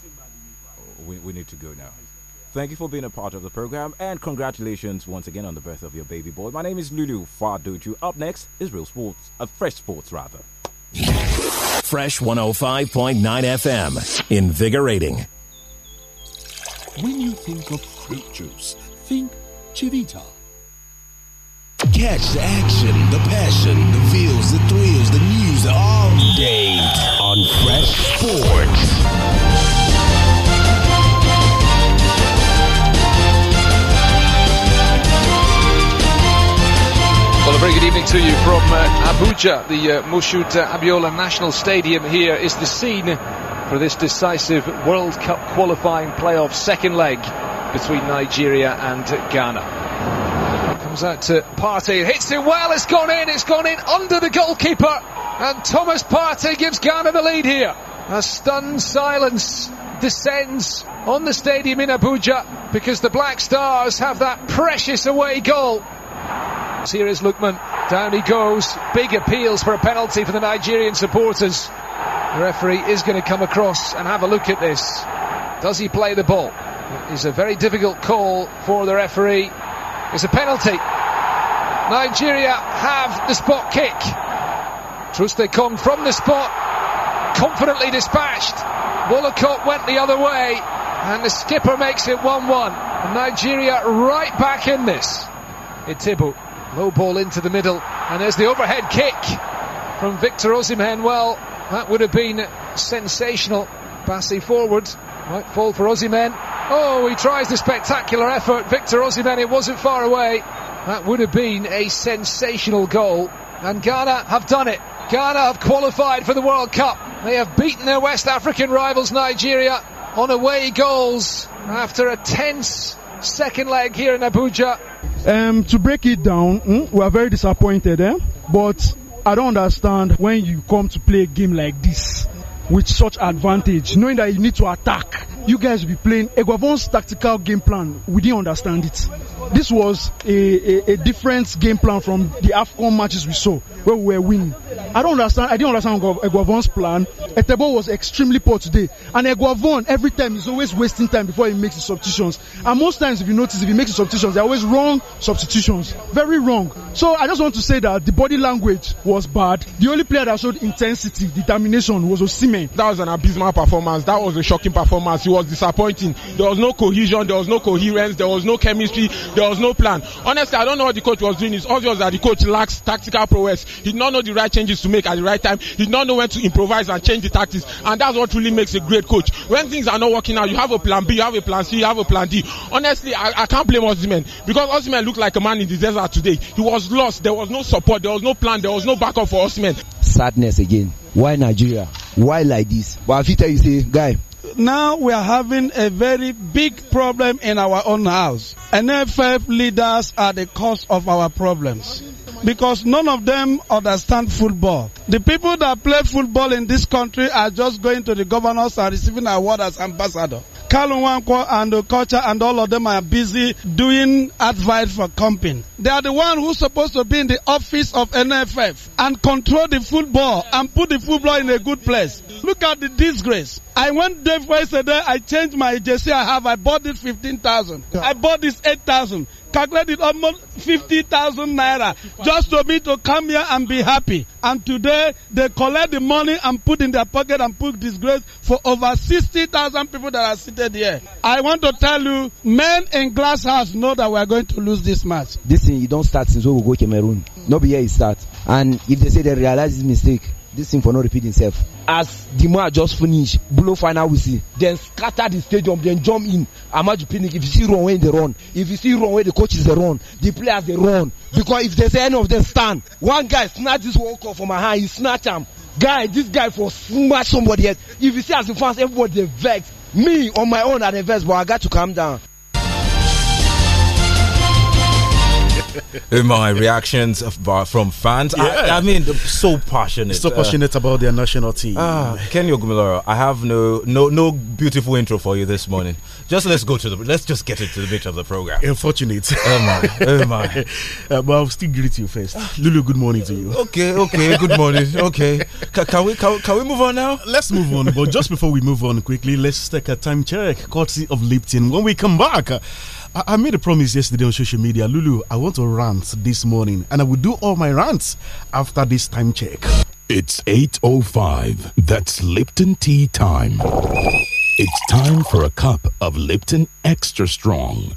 We, we need to go now. Thank you for being a part of the program and congratulations once again on the birth of your baby boy. My name is Lulu Fadoju. Up next is Real Sports, uh, Fresh Sports rather. Fresh 105.9 FM, invigorating. When you think of fruit juice, think Chivita. Catch the action, the passion, the feels, the thrills, the news all day on Fresh Sports. Well, a very good evening to you from uh, Abuja, the uh, Mushood uh, Abiola National Stadium. Here is the scene for this decisive World Cup qualifying playoff second leg between Nigeria and Ghana. Comes out to Partey, hits it well, it's gone in, it's gone in under the goalkeeper, and Thomas Partey gives Ghana the lead here. A stunned silence descends on the stadium in Abuja because the Black Stars have that precious away goal. Here is Lukman. Down he goes. Big appeals for a penalty for the Nigerian supporters. The referee is going to come across and have a look at this. Does he play the ball? It is a very difficult call for the referee. It's a penalty. Nigeria have the spot kick. Kong from the spot, confidently dispatched. Wollacott went the other way, and the skipper makes it 1-1. Nigeria right back in this. Itibu, low ball into the middle, and there's the overhead kick from Victor Osimhen. Well, that would have been sensational. Bassi forward. Might fall for Ozymen. Oh, he tries the spectacular effort. Victor Ozymen, it wasn't far away. That would have been a sensational goal. And Ghana have done it. Ghana have qualified for the World Cup. They have beaten their West African rivals Nigeria on away goals after a tense second leg here in Abuja. Um, to break it down, hmm, we are very disappointed, eh? but I don't understand when you come to play a game like this with such advantage, knowing that you need to attack. You guys will be playing Eguavon's tactical game plan. We didn't understand it. this was a, a, a different game plan from the AFCON matches we saw where we were winning. I don't understand. I didn't understand Eguavon's plan. Etebo was extremely poor today, and Eguavon every time is always wasting time before he makes the substitutions. And most times, if you notice, if he makes the substitutions, they're always wrong substitutions, very wrong. So I just want to say that the body language was bad. The only player that showed intensity, determination was Osimhen. That was an abysmal performance. That was a shocking performance. It was disappointing. There was no cohesion. There was no coherence. There was no chemistry. There There was no plan. Honestly, I don't know what the coach was doing. It's obvious that the coach lacks tactical prowess. He did not know the right changes to make at the right time. He did not know when to improvise and change the tactics. And that's what really makes a great coach. When things are not working out, you have a plan B, you have a plan C, you have a plan D. Honestly, I, I can't blame Osimhen because Osimhen looked like a man in the desert today. He was lost. There was no support. There was no plan. There was no backup for Osimhen. Sadness again. Why Nigeria? Why like this? But I fit tell you, say, guy, now we are having a very big problem in our own house. NFF leaders are the cause of our problems because none of them understand football. The people that play football in this country are just going to the governors and receiving awards as ambassador. Kalunwanko and Kocha and all of them are busy doing advice for comping. They are the one who's supposed to be in the office of NFF and control the football and put the football in a good place. Look at the disgrace. I went there yesterday, I changed my jersey I have, I bought this 15,000. I bought this 8,000. calculated almost 50,000 naira just for me to come here and be happy. And today they collect the money and put in their pocket and put disgrace for over 60,000 people that are seated here. I want to tell you, men in glass house know that we are going to lose this match. This thing, you don't start since we go Cameroon. No be here is start. And if they say they realize this mistake, this thing for not repeat himself. As the match just finish, blow final whistle, then scatter the stadium, then jump in. Amaju Pinnick, if you see wrong way, they run. If you see wrong way, the coaches they run. The players they run. Because if there's any of them stand, one guy snatch this World Cup from my hand, he snatch him. Guy, this guy for smash somebody else. If you see as the fans, everybody they vex. Me on my own, I vex, but I got to calm down. my reactions uh, from fans. Yeah. I, I, mean, so passionate. So uh, passionate uh, about their national team. Ah, Kenny Ogumiloro, I have no no no beautiful intro for you this morning. just let's go to the let's just get into the bit of the program. Unfortunate. Oh my, oh my. Uh, but I'll still greet you first. Lulu, good morning to you. Okay, okay, good morning. Okay, can, can, we can, can we move on now? Let's move on. But just before we move on quickly, let's take a time check courtesy of Lipton. When we come back. I, I, made a promise yesterday on social media, Lulu. I want to rant this morning, and I will do all my rants after this time check. It's 8.05. That's Lipton tea time. It's time for a cup of Lipton Extra Strong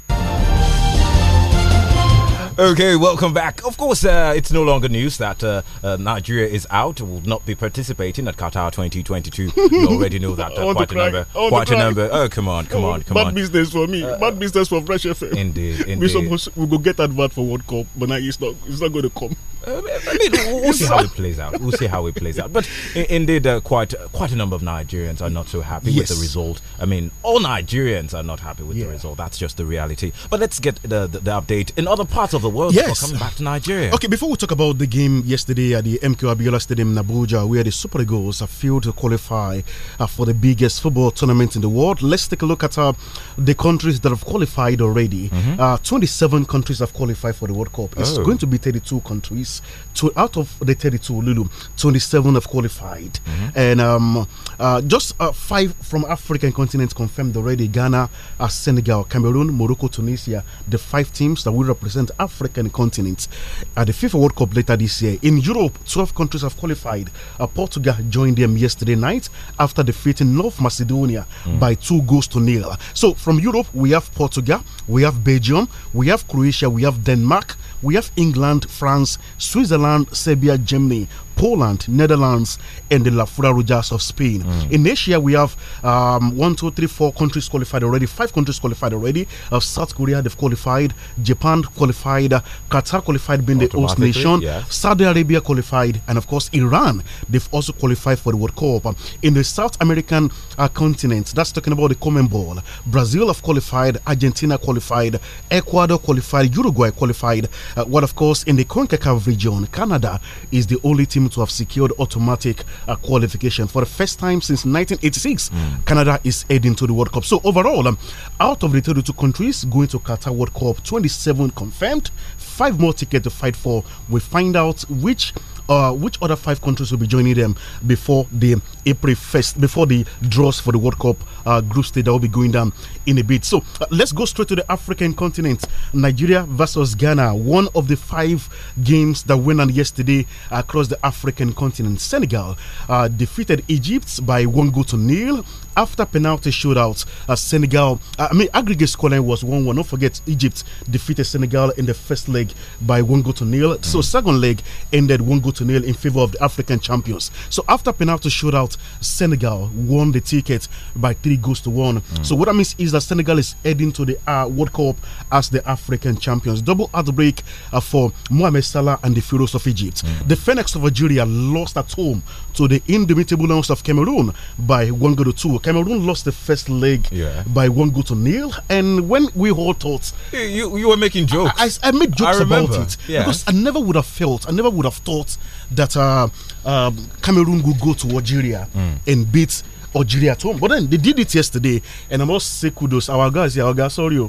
okay, welcome back. Of course, uh, it's no longer news that uh, uh, Nigeria is out, will not be participating at Qatar 2022. you already know that. Uh, quite a number. quite a number. Oh, come on, come on, come Bad on. Bad business for me. Uh, bad business for Fresh FM. Indeed, indeed. We supposed we go get that advert for World Cup, but now it's not. It's not going to come. I mean, we'll, see how it plays out. We'll see how it plays out. But indeed, uh, quite quite a number of Nigerians are not so happy yes. with the result. I mean, all Nigerians are not happy with yeah. the result. That's just the reality. But let's get the, the, the update in other parts of the world. Yes, coming back to Nigeria. Okay, before we talk about the game yesterday at the MQ Abiola Stadium in Abuja, where the Super Eagles have failed to qualify uh, for the biggest football tournament in the world, let's take a look at uh, the countries that have qualified already. Mm -hmm. 27 countries have qualified for the World Cup. It's oh. going to be 32 countries to out of the 32 Lulu 27 have qualified mm -hmm. and um, uh, just uh, five from African continent confirmed already Ghana uh, Senegal Cameroon Morocco Tunisia the five teams that will represent African continent at the FIFA World Cup later this year in Europe 12 countries have qualified uh, Portugal joined them yesterday night after defeating North Macedonia mm. by two goals to nil so from Europe we have Portugal we have Belgium we have Croatia we have Denmark we have England, France, Switzerland, Serbia, Germany Poland, Netherlands, and the La Fura Rojas of Spain. Mm. In Asia, we have um, one, two, three, four countries qualified already, five countries qualified already. Uh, South Korea, they've qualified, Japan qualified, uh, Qatar qualified, being the host nation, yes. Saudi Arabia qualified, and of course, Iran, they've also qualified for the World Cup. Um, in the South American uh, continent, that's talking about the Common Ball, Brazil have qualified, Argentina qualified, Ecuador qualified, Uruguay qualified. Uh, what, of course, in the CONCACAF region, Canada is the only team to have secured automatic uh, qualification for the first time since 1986. Mm. Canada is heading to the World Cup. So overall, um, out of the 32 countries going to Qatar World Cup, 27 confirmed, five more tickets to fight for. We find out which uh, which other five countries will be joining them before the April first, before the draws for the World Cup uh, group stage that will be going down in a bit? So uh, let's go straight to the African continent. Nigeria versus Ghana, one of the five games that went on yesterday across the African continent. Senegal uh, defeated Egypt by one goal to nil after penalty shootout, uh, Senegal, uh, I mean, aggregate scoreline was 1 1. Don't forget, Egypt defeated Senegal in the first leg by 1 goal to nil. Mm. So, second leg ended 1 goal to nil in favor of the African champions. So, after penalty shootout, Senegal won the ticket by 3 goals to 1. Mm. So, what that means is that Senegal is heading to the uh, World Cup as the African champions. Double outbreak uh, for Mohamed Salah and the Pharaohs of Egypt. Mm. The Phoenix of Algeria lost at home to the indomitable Lions of Cameroon by one goal to two. Cameroon lost the first leg yeah. by one goal to nil, and when we all thought you you were making jokes, I, I, I made jokes I about it yeah. because I never would have felt, I never would have thought that uh, uh, Cameroon would go to Algeria mm. and beat. Algeria at home, but then they did it yesterday, and I must say kudos. Our guys, yeah, our guys, sorry, oh.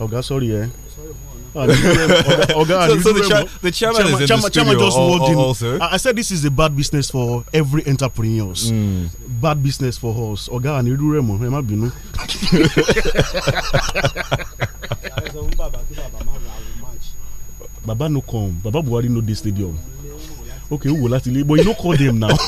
our guys, sorry, eh. Sorry. And ah, Oga, so, so the, cha the, chairman, chairman, chairman, chairman just all, walked in. Also? I, I said this is a bad business for every entrepreneurs. Mm. Bad business for us. Oga and Idu Remo, ẹ má bínú. Baba no come. Baba Buhari no this stadium. okay, who will that But you don't call them now.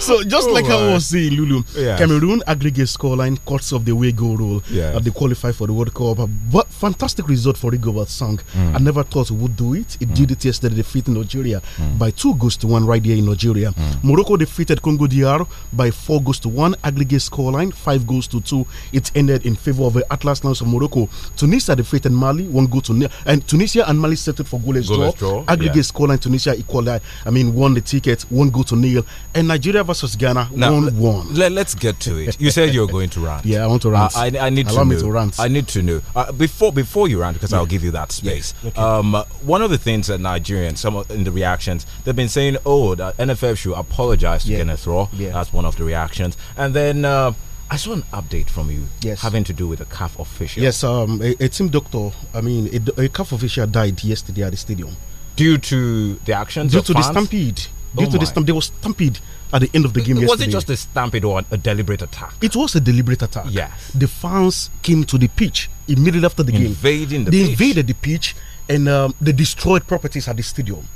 so just oh like I was saying, Lulu, yes. Cameroon aggregate scoreline cuts off the way goal rule. Yes. Uh, they qualify for the World Cup. But fantastic result for Rigobert Song. Mm. I never thought we would do it. It mm. did it yesterday, defeating Nigeria mm. by two goals to one right there in Nigeria. Hmm. Morocco defeated Congo DR by four goals to one. Aggregate scoreline five goals to two. It ended in favor of the Atlas Lions of Morocco. Tunisia defeated Mali one goal to nil, and Tunisia and Mali settled for goalless, draw. draw aggregate yeah. scoreline Tunisia equalized. I mean, won the ticket, one go to nil, and Nigeria versus Ghana now, one one. Let, us get to it. You said you're going to rant. yeah, I want to rant. I, I need Allow to know. me to rant. I need to know uh, before before you rant because yeah. I'll give you that space. Okay. Um, one of the things that Nigerians, some of, in the reactions, they've been saying, "Oh, the NFF should apologize to yeah. Kenneth Raw." Yeah. That's one of the reactions, and then. Uh, I saw an update from you yes. having to do with a calf official. Yes, um, a, a team doctor, I mean, a, a calf official died yesterday at the stadium due to the actions due to fans? Oh the stampede due oh to my. the stamp they were stampede at the end of the game was yesterday. it just a stampede or a deliberate attack it was a deliberate attack yes the fans came to the pitch immediately after the invading game invading the they pitch. invaded the pitch and um, they destroyed properties at the stadium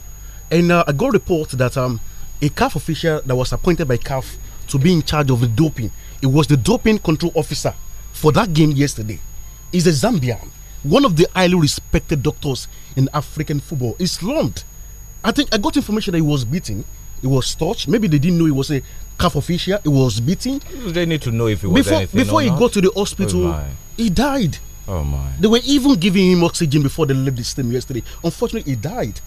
and uh, i got a report that um, a CAF official that was appointed by CAF to be in charge of the doping it was the doping control officer for that game yesterday is a zambian one of the highly respected doctors in African football, is slumped. I think I got information that he was beaten. He was touched. Maybe they didn't know he was a calf official. He was beaten. They need to know if he was before, anything Before he not. got to the hospital, oh he died. Oh my! They were even giving him oxygen before they left the stadium yesterday. Unfortunately, he died.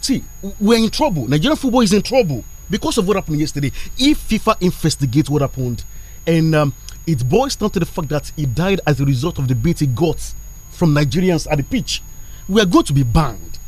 See, we're in trouble. Nigerian football is in trouble because of what happened yesterday. If FIFA investigates what happened, and um, it boils down to the fact that he died as a result of the beat he got from Nigerians at the pitch. We are going to be banned.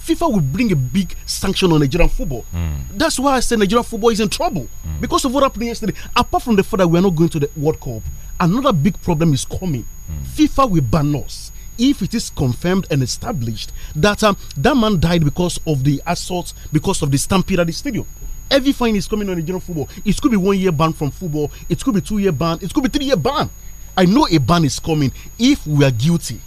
FIFA will bring a big sanction on Nigerian football. Mm. That's why I say Nigerian football is in trouble mm. because of what happened yesterday. Apart from the fact that we are not going to the World Cup, another big problem is coming. Mm. FIFA will ban us if it is confirmed and established that um, that man died because of the assault, because of the stampede at the stadium. Every fine is coming on Nigerian football. It could be one year ban from football. It could be two year ban. It could be three year ban. I know a ban is coming if we are guilty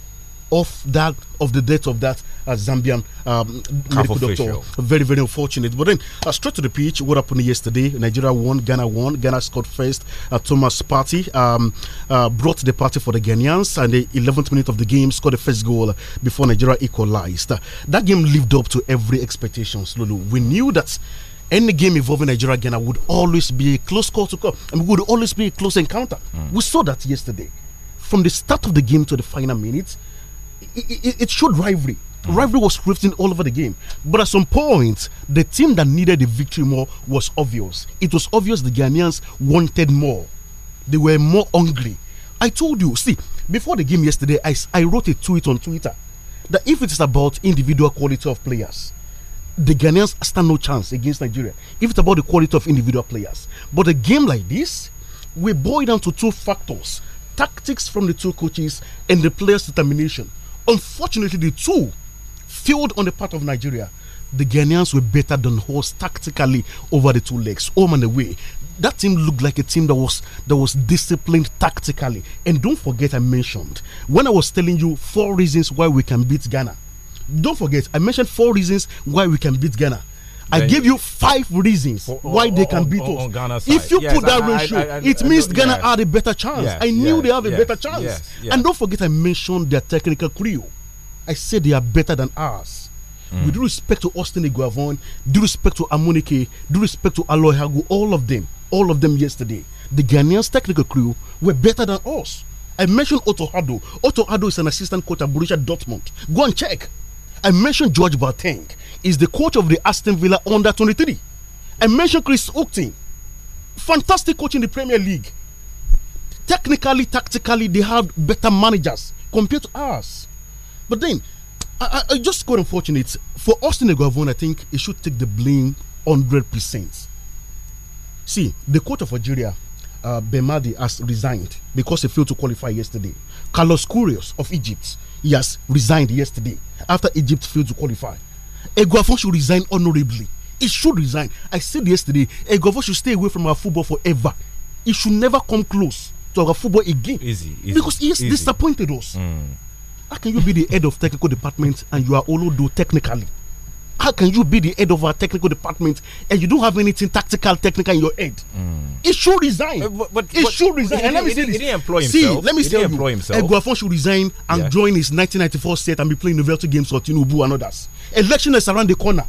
of that of the death of that uh, Zambian um, medical official. doctor. Very, very unfortunate. But then uh, straight to the pitch. What happened yesterday? Nigeria won. Ghana won. Ghana scored first. Uh, Thomas Party um, uh, brought the party for the Ghanaians, and the 11th minute of the game scored the first goal before Nigeria equalized. that game lived up to every expectation. Lulu, we knew that any game involving Nigeria Ghana would always be a close call to call and would always be a close encounter. Mm. We saw that yesterday. From the start of the game to the final minutes, it, it, showed rivalry. Mm. Rivalry was drifting all over the game. But at some point, the team that needed the victory more was obvious. It was obvious the Ghanaians wanted more. They were more hungry. I told you, see, before the game yesterday, I, I wrote a tweet on Twitter that if it is about individual quality of players, the Ghanaians stand no chance against Nigeria. If it's about the quality of individual players. But a game like this, we boil down to two factors tactics from the two coaches and the players' determination. Unfortunately, the two failed on the part of Nigeria. The Ghanaians were better than horse tactically over the two legs, home and away. That team looked like a team that was that was disciplined tactically. And don't forget, I mentioned when I was telling you four reasons why we can beat Ghana. Don't forget, I mentioned four reasons why we can beat Ghana. I gave you five reasons oh, oh, why they oh, can beat on, us. if you yes, put that I, ratio, I, I, it means Ghana yes. had a better chance. Yes, I knew they have a better chance. And don't forget, I mentioned their technical crew. I said they are better than us. Mm. With respect to Austin Iguavon, due respect to Amunike, due respect to Aloy Hagu, all of them, all of them yesterday, the Ghanaian's technical crew were better than us. I mentioned Otto Hado. Otto Hado is an assistant coach at Borussia Dortmund. Go and check. I mentioned George Boateng is the coach of the Aston Villa under 23. I mentioned Chris Oakton, fantastic coach in the Premier League. Technically, tactically, they have better managers compared to us. But then, I, I, I just got unfortunate for Austin Eguavon. I think he should take the blame 100%. See, the coach of Algeria, uh, Bemadi, has resigned because he failed to qualify yesterday. Carlos Curios of Egypt, he has resigned yesterday after Egypt failed to qualify. Eguafon should resign honorably. He should resign. I said yesterday, Eguafon should stay away from our football forever. He should never come close to our football again. Easy, easy because he has easy. disappointed us. Mm. How can you be the head of technical department and you are do technically? how can you be the head of our technical department and you don't have anything tactical, technical in your head? Mm. It should resign. but, but, it but, should resign. He, and let me he, say he, he didn't employ See, himself. See, let me he tell you. Himself. should resign and yeah. join his 1994 set and be playing novelty games for Tinubu and others. Election is around the corner.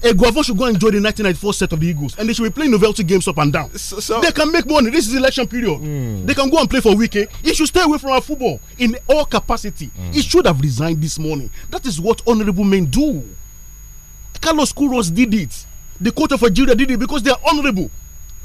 Eguavon should go and join the 1994 set of the Eagles and they should be playing novelty games up and down. So, so they can make money. This is election period. Mm. They can go and play for Wiki. He should stay away from our football in all capacity. Mm. He hmm. should have resigned this morning. That is what honorable men do. Carlos Kuros did it. The coach of Nigeria did it because they are honorable.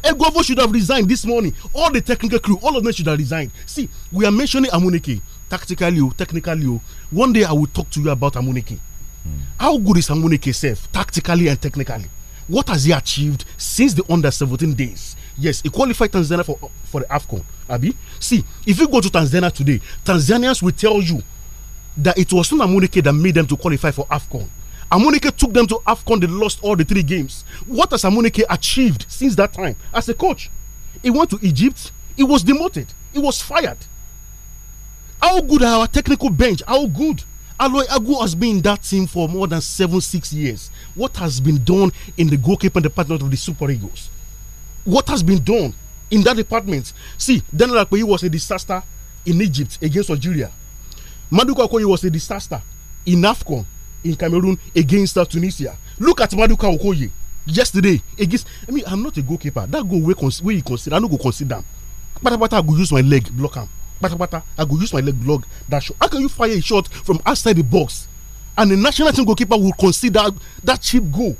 Egovo should have resigned this morning. All the technical crew, all of them should have resigned. See, we are mentioning Amunike tactically, oh, technically. Oh, one day I will talk to you about Amunike. Mm. How good is Amunike self, tactically and technically? What has he achieved since the under 17 days? Yes, he qualified Tanzania for, for the AFCON. Abi, see, if you go to Tanzania today, Tanzanians will tell you that it was not Amunike that made them to qualify for AFCON. Amunike took them to AFCON, they lost all the three games. What has Amunike achieved since that time as a coach? He went to Egypt, he was demoted, he was fired. How good are our technical bench? How good? Aloy Agu has been in that team for more than seven, six years. What has been done in the goalkeeper department of the Super Eagles? What has been done in that department? See, Daniel Akpeyi was a disaster in Egypt against Algeria. Maduka Okoye was a disaster in AFCON in Cameroon against Tunisia. Look at Maduka Okoye yesterday against. I mean, I'm not a goalkeeper. That goal wey wey you consider, I no go consider. Patapata, I go use my leg block But Patapata, I go use my leg block that shot. How can you fire a shot from outside the box, and the national team goalkeeper will consider that cheap goal?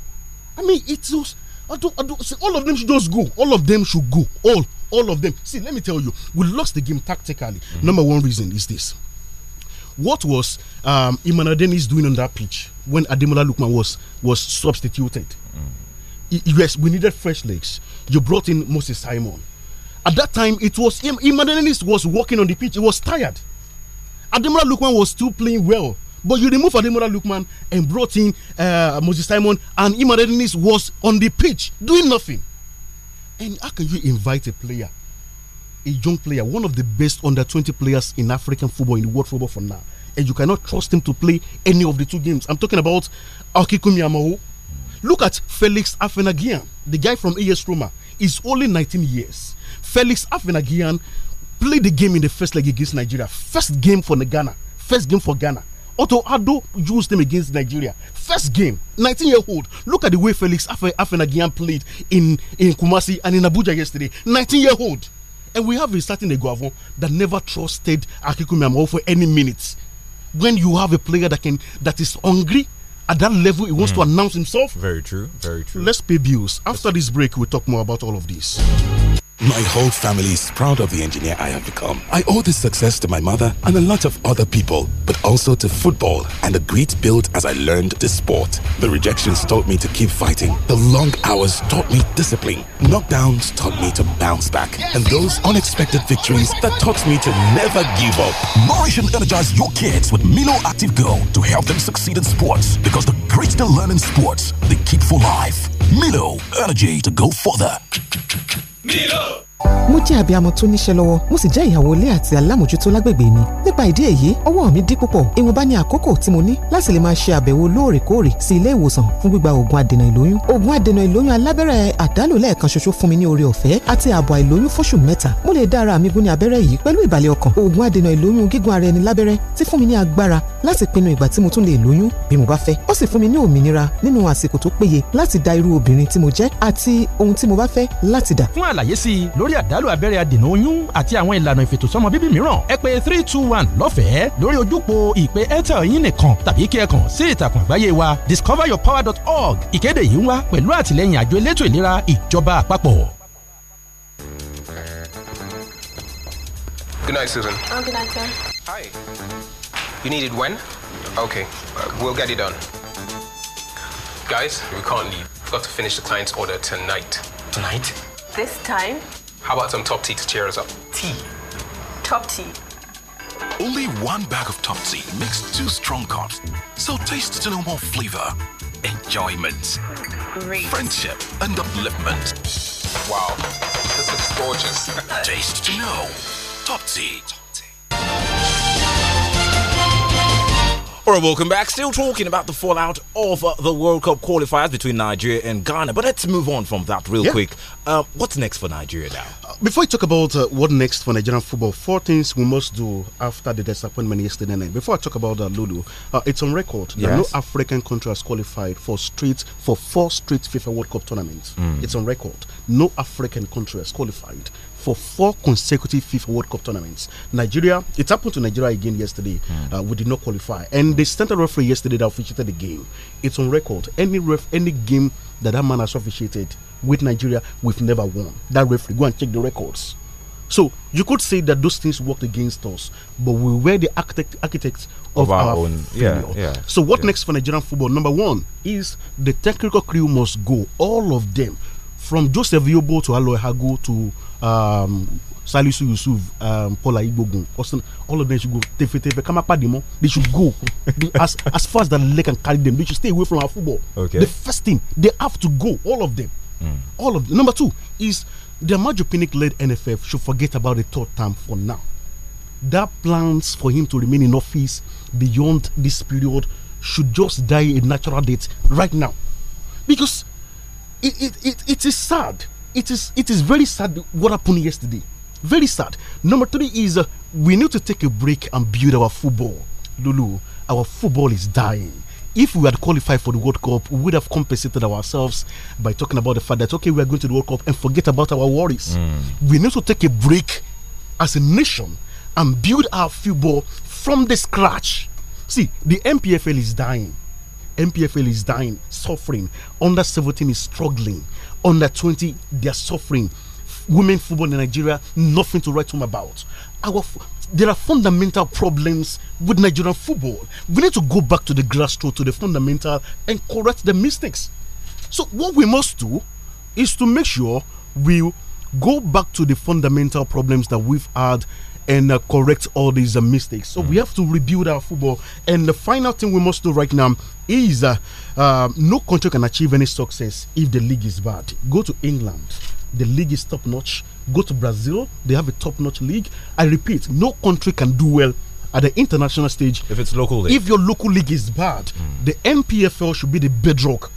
I mean, it's just. I do I do see, all of them should just go. All of them should go. All, all of them. See, let me tell you, we lost the game tactically. Mm -hmm. Number one reason is this what was um, Emmanuel Dennis doing on that pitch when Ademola Lukman was was substituted? Mm. Yes, we needed fresh legs. You brought in Moses Simon. At that time, it was him. Emmanuel Dennis was walking on the pitch. He was tired. Ademola Lukman was still playing well. But you remove Ademola Lukman and brought in uh, Moses Simon, and Imadinis was on the pitch doing nothing. And how can you invite a player a young player, one of the best under 20 players in African football, in world football for now. And you cannot trust him to play any of the two games. I'm talking about Akikumi Amahu. Look at Felix Afenagian, the guy from AS Roma. He's only 19 years. Felix Afenagian played the game in the first leg against Nigeria. First game for Ghana. First game for Ghana. Otto Addo used them against Nigeria. First game, 19 year old. Look at the way Felix Afenagian played in, in Kumasi and in Abuja yesterday. 19 year old and we have a starting Eguavon that never trusted Akikumi Amor for any minutes. When you have a player that can that is hungry at that level, he wants mm. to hmm. announce himself. Very true. Very true. Let's pay bills. After this break, we'll talk more about all of this. My whole family is proud of the engineer I have become. I owe this success to my mother and a lot of other people, but also to football and the great build as I learned the sport. The rejections taught me to keep fighting. The long hours taught me discipline. Knockdowns taught me to bounce back. And those unexpected victories that taught me to never give up. Nourish and energize your kids with Milo Active Girl to help them succeed in sports because the grit they learn in sports, they keep for life. Milo, energy to go further. Milo! mo jẹ́ abiyamọ tó níṣẹ́ lọ́wọ́ mo sì jẹ́ ìyàwó ilé àti alámòjútó lágbègbè mi nípa ìdí èyí ọwọ́ mi dí púpọ̀ ìwọ̀nba ni àkókò tí mo ní láti lè máa ṣe àbẹ̀wò lóòrèkóòrè sí ilé ìwòsàn fún gbígba oògùn adènà ìlóyún oògùn adènà ìlóyún alábẹ́rẹ́ àdálò lẹ́ẹ̀kan ṣoṣo fún mi ní oore ọ̀fẹ́ àti ààbò àìlóyún fóṣù mẹ́ta mo lè dá ara mi gún ní abẹ́rẹ́ yìí pẹ̀lú ìbàlẹ̀ ọkàn oògùn adènà ìlóyún gígùn ara ẹni lábẹ́rẹ́ ti fún mi ní agbára láti pinnu ìgbà tí mo tún lè lóyún bí mo bá fẹ́ ó sì fún mi ní òmìnira nínú àsìkò tó péye láti dá irú obìnrin tí mo jẹ́ àti ohun tí mo bá fẹ́ láti dà. fún àlàyé sí i lórí lórí àdálù abẹ́rẹ́ adènà oyún àti àwọn ìlànà ìfètòsọ́mọ bíbí mìíràn ẹ pè three two one lọ́fẹ̀ẹ́ lórí ojúpo ìpè airtel yín nìkan tàbí kí ẹ kàn sí ìtàkùn àgbáyé wa discoveryourpower.org ìkéde yìí ń wá pẹ̀lú àtìlẹ́yìn àjọ elétò ìlera ìjọba àpapọ̀. Good night, Susan. Oh, good night, sir. Hi. You needed when? Okay, uh, we'll get it done. Guys, we can't leave. We've got to finish the client's order tonight. Tonight? This time? How about some top tea to cheer us up? Tea. Top tea. Only one bag of top tea makes two strong cups. So taste to know more flavor, enjoyment, Great. friendship, and upliftment. Wow, this looks gorgeous. taste to know. Top tea. All right, welcome back. Still talking about the fallout of uh, the World Cup qualifiers between Nigeria and Ghana, but let's move on from that real yeah. quick. Uh, what's next for Nigeria now? Uh, before I talk about uh, what next for Nigerian football, four things we must do after the disappointment yesterday night. Before I talk about that, uh, Lulu, uh, it's on record yes. that no African country has qualified for street for four straight FIFA World Cup tournaments. Mm. It's on record. No African country has qualified for four consecutive FIFA World Cup tournaments. Nigeria, it happened to Nigeria again yesterday. Mm. Uh, we did not qualify, and the standard referee yesterday that officiated the game. It's on record. Any ref, any game that that man has officiated with Nigeria, we've never won. That referee, go and check the records. So you could say that those things worked against us, but we were the architect, architects of, of our, our, own. Failure. Yeah, yeah, so what yeah. next for Nigerian football? Number one is the technical crew must go, all of them, from Joseph Yobo to Aloy Hago to um, Salisu Yusuf, um, Paula Igbogun, Austin, all of them should go. Tefe, tefe, come up, They should go as, as far as the leg can carry them. They should stay away from our football. Okay. The first thing, they have to go, all of them. Mm. All of them. Number two is the Majopinic led NFF should forget about the third term for now. That plans for him to remain in office beyond this period should just die a natural death right now. Because it, it, it, it is sad it is it is very sad what happened yesterday. Very sad. Number three is uh, we need to take a break and build our football. Lulu, our football is dying. If we had qualified for the World Cup, we would have compensated ourselves by talking about the fact that okay, we are going to the World Cup and forget about our worries. Mm. We need to take a break as a nation and build our football from the scratch. See, the MPFL is dying. MPFL is dying, suffering. Under 17 is struggling under 20, they are suffering. Women football in Nigeria, nothing to write home about. Our there are fundamental problems with Nigerian football. We need to go back to the grassroots, to the fundamental, and correct the mistakes. So, what we must do is to make sure we go back to the fundamental problems that we've had and uh, correct all these uh, mistakes. So mm. we have to rebuild our football. And the final thing we must do right now is uh, uh, no country can achieve any success if the league is bad. Go to England. The league is top notch. Go to Brazil, they have a top notch league. I repeat, no country can do well at the international stage. If it's local league. If your local league is bad, mm. the NPFL should be the bedrock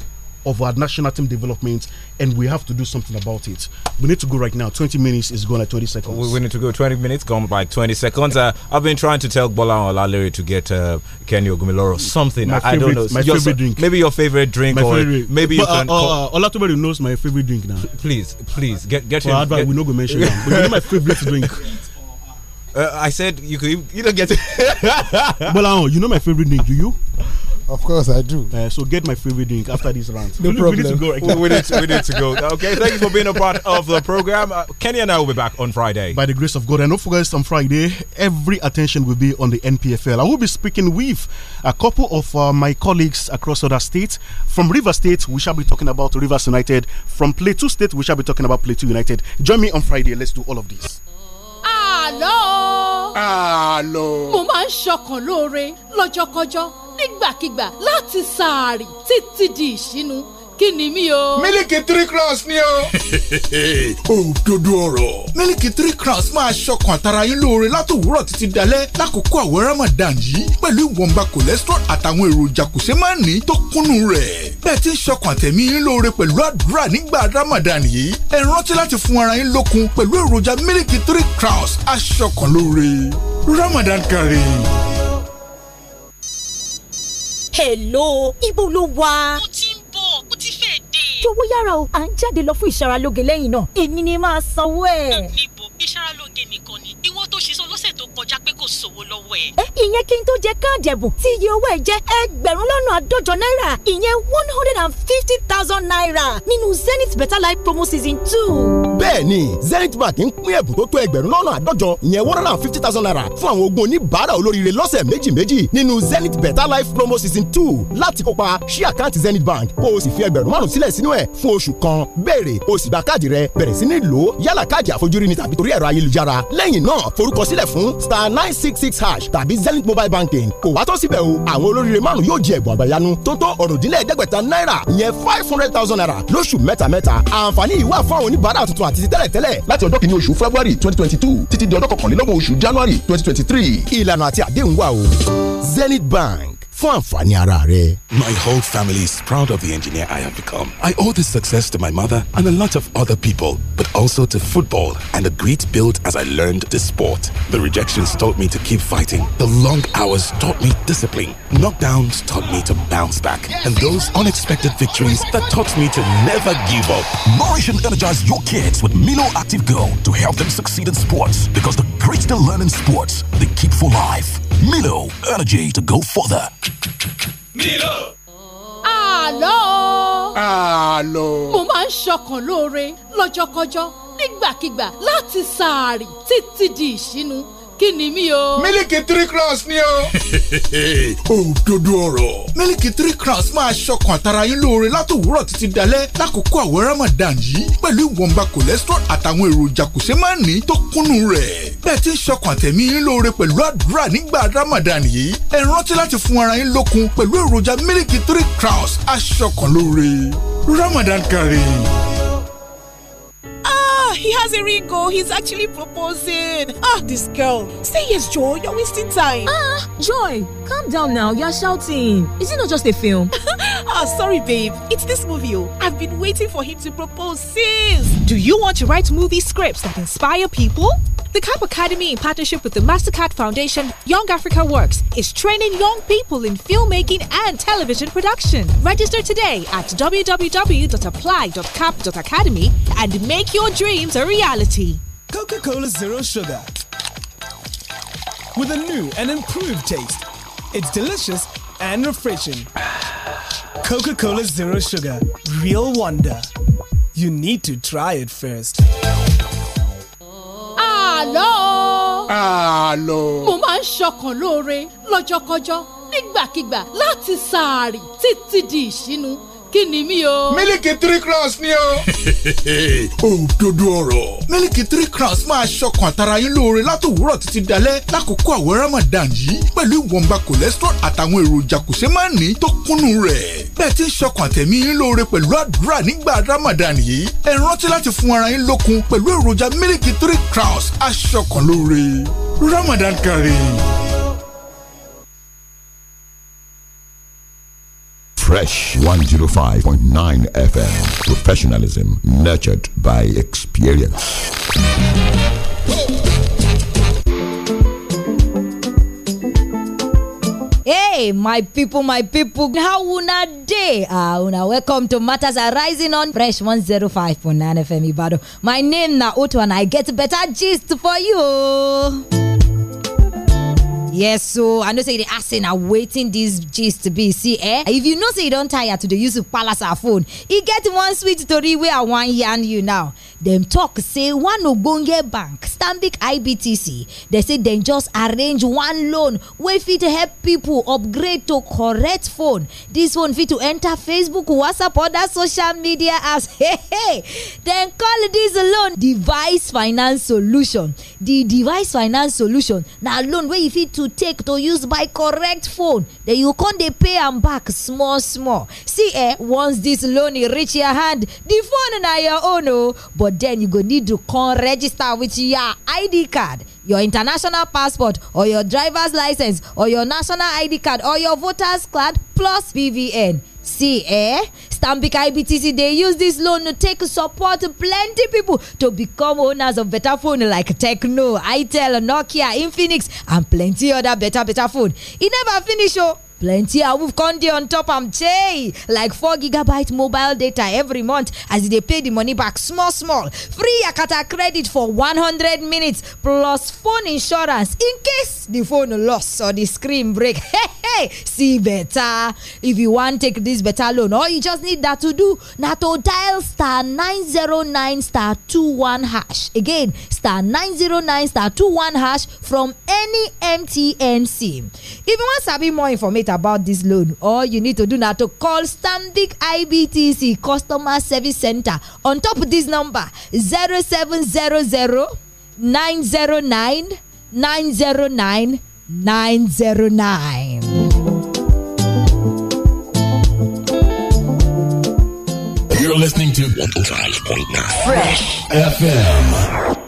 of our national team development, and we have to do something about it. We need to go right now. 20 minutes is gone at 20 seconds. We, need to go 20 minutes gone by 20 seconds. Uh, I've been trying to tell Bola Olalere to get uh, Kenny Ogumiloro something. My favorite, I don't know. My your, uh, favorite drink. Maybe your favorite drink. My or favorite, maybe you but, can. Uh, uh, Olatobari knows my favorite drink now. Please, please get get well, him. Get, we're not gonna mention him, but you know my favorite drink. Uh, I said you could you don't get it. Bola, you know my favorite drink. Do you? Of course, I do. Uh, so get my favorite drink after this round. no we, problem. We need to go. Right we, need to, we, need to, go. Okay, thank you for being a part of the program. Uh, Kenny and I will be back on Friday. By the grace of God, and don't forget on Friday, every attention will be on the NPFL. I will be speaking with a couple of uh, my colleagues across other states. From River State, we shall be talking about Rivers United. From Plateau State, we shall be talking about Plateau United. Join me on Friday. Let's do all of this. Àlọ́. Àlọ́. Mo máa ń ṣọkàn lóore lọ́jọ́kọjọ́ nígbàkigbà láti sàárì títí di ìṣínú kí ni mí o. mílìkì three crowns ni o. òdodo ọ̀rọ̀ mílìkì three crowns máa ṣọkàn àtàrà yín lóore látòwúrọ̀ títí dalẹ́ lákòókò àwẹ̀ ramadan yìí pẹ̀lú ìwọ̀nba cholesterol àtàwọn èròjà kò ṣe máa ní tó kúnnú rẹ̀. bẹ́ẹ̀ tí ń ṣọkàn àtẹ̀mí yín lóore pẹ̀lú àdúrà nígbà ramadan yìí ẹ rántí láti fún ara yín lókun pẹ̀lú èròjà mílìkì three crowns aṣọkàn lóore ramadan kari hello ibo ló wà. mo ti ń bọ̀ mo ti fẹ́ dé. jọ̀wọ́ yára o à ń jáde lọ fún ìṣaralóge lẹ́yìn náà èmi ni máa sanwó ẹ̀. níbo ìṣaralóge nìkan ni ìwọ tó ṣe sọ lọ́sẹ̀ tó kọjá pé kò sówó lọ́wọ́ ẹ̀. ẹ ìyẹn kí n tó jẹ káàdì ẹ̀bùn tí iye owó ẹ̀ jẹ́ ẹgbẹ̀rún lọ́nà àádọ́jọ náírà ìyẹn one hundred and fifty thousand naira nínú Zenith Better Life promo season two bẹ́ẹ̀ ni zenith bank ń pín ẹ̀bùn tó tó ẹgbẹ̀rún lọ́nà àádọ́jọ ìyẹn one hundred and fifty thousand naira fún àwọn ogun oníbàárà olóríire lọ́sẹ̀ méjì méjì nínú zenith better life promo season two láti kópa ṣí àkáǹtì zenith bank kó o sì fi ẹgbẹ̀rún márùn sílẹ̀ sínú ẹ̀ fún oṣù kan béèrè o sì gba káàdì rẹ bẹ̀rẹ̀ sí ní lò ó yálà káàdì àfojúrí ni tàbí torí ẹ̀rọ ayélujára lẹ́yìn náà forúkọsílẹ̀ fún star nine six six hash tàbí zenith mobile banking kò wá tó síbẹ̀ o àwọn olóríire márùn yóò jẹ ẹ̀bùn àgbàyanu tó tó ọ̀rọ̀dínlẹ̀ẹ́dẹ́gbẹ̀ta náírà ìyẹn five hundred thousand naira lóṣù mẹ́ta mẹ́ta àǹfààní yìí wà fún àwọn oníbàárà tuntun àti tẹ́lẹ̀ tẹ́lẹ̀ láti ọjọ́ kìíní oṣù february twenty twenty two títí di ọjọ́ kọkànlélọ́gbọ̀n oṣù january twenty twenty three ìlànà àti àdéhùn wà o zenith bank fún àǹfààní ara rẹ. My whole family is proud of the engineer I have become. I owe this success to my mother and a lot of other people, but also to football and the grit built as I learned the sport. The rejections taught me to keep fighting. The long hours taught me discipline. Knockdowns taught me to bounce back. And those unexpected victories that taught me to never give up. Nourish and energize your kids with Milo Active Go to help them succeed in sports because the great they learn in sports, they keep for life. Milo, energy to go further. Milo. Àlọ́ o. Àlọ́. Mo máa ń ṣọkàn lóore lọ́jọ́kọjọ́ nígbàkigbà láti sàárì títí di ìṣínú mílíkì ni mí o. mílíkì three crowns ni o. òdodo ọ̀rọ̀ mílíkì three crowns máa ṣọkàn àtàrà yín lóore látòwúrọ̀ títí dalẹ́ lákòókò àwẹ̀ Ramadan yìí pẹ̀lú ìwọ̀nba cholesterol àtàwọn èròjà kò ṣe máa ní tó kúnnú rẹ̀ bẹ́ẹ̀ tí ń ṣọkàn àtẹ̀mí yín lóore pẹ̀lú àdúrà nígbà Ramadan yìí ẹ rántí láti fún ara yín lókun pẹ̀lú èròjà mílíkì three crowns aṣọkàn lóore Ramadan kari. Ah, he has a ring, oh, he's actually proposing. Ah, this girl. Say yes, Joy, you're wasting time. Ah, Joy, calm down now, you're shouting. Is it not just a film? ah, sorry, babe. It's this movie, oh. I've been waiting for him to propose since. Do you want to write movie scripts that inspire people? The CAP Academy, in partnership with the MasterCard Foundation, Young Africa Works, is training young people in filmmaking and television production. Register today at www.apply.cap.academy and make your dreams a reality. Coca Cola Zero Sugar. With a new and improved taste, it's delicious and refreshing. Coca Cola Zero Sugar. Real wonder. You need to try it first. àlọ́ o. àlọ́. mo máa ń ṣọkàn lóore lọ́jọ́kọjọ́ nígbàkigbà láti sàárì títí di ìṣínú kí ni mí o. mílìkì three crowns ni o. òdodo ọ̀rọ̀ mílìkì three crowns máa ṣọkàn àtàrà yín lóore látòwúrọ̀ títí dalẹ́ lákòókò àwẹ̀ ramadan yìí pẹ̀lú ìwọ̀nba cholesterol àtàwọn èròjà kò ṣe máa ní tó kúnnú rẹ̀. bẹ́ẹ̀ ti ń ṣọkàn àtẹ̀mí yín lóore pẹ̀lú àdúrà nígbà ramadan yìí ẹ rántí láti fún ara yín lókun pẹ̀lú èròjà mílìkì three crowns aṣọkàn lóore ramadan kari. Fresh 105.9 FM. Professionalism nurtured by experience. Hey, my people, my people, how una day? Ah, una welcome to Matters Arising on Fresh 105.9 FM Ibado. My name na Otu and I get better gist for you yes so i know say the dey are waiting na wetin to be see eh if you know say you don't tire to the use of palace phone you get one sweet story where i want yarn you now dem talk say one ogbonge bank stanbic ibtc dey say dem just arrange one loan wey fit help pipo upgrade to correct phone dis phone fit to enter facebook whatsapp other social media apps hey hey dem call dis loan device finance solution di device finance solution na loan wey you fit to take to use buy correct phone den you con dey pay am back small small see eh once dis loan reach your hand di phone na your own o oh. but but then you go need to come register with your id card your international passport or your driver's license or your national id card or your voter's card plus pvn see eh stanbic ibtc they use this loan to take support plenty people to become owners of better phone like techno itel nokia infinix and plenty other better better phone He never finish oh plenty of con dey on top i am jay like four gigabyte mobile data every month as they pay the money back small small free yakata credit for one hundred minutes plus phone insurance in case the phone lost or the screen break hey see better if you want take this better loan all you just need that to do na to dial star 909 star two one hash again star 909 star two one hash from any mtn sim if you wan sabi more information about this loan all you need to do na to call stanbic ibtc customer service center on top of this number zero seven zero zero nine zero nine nine zero nine nine zero nine. 909 909. You're listening to 105.9 Fresh FM.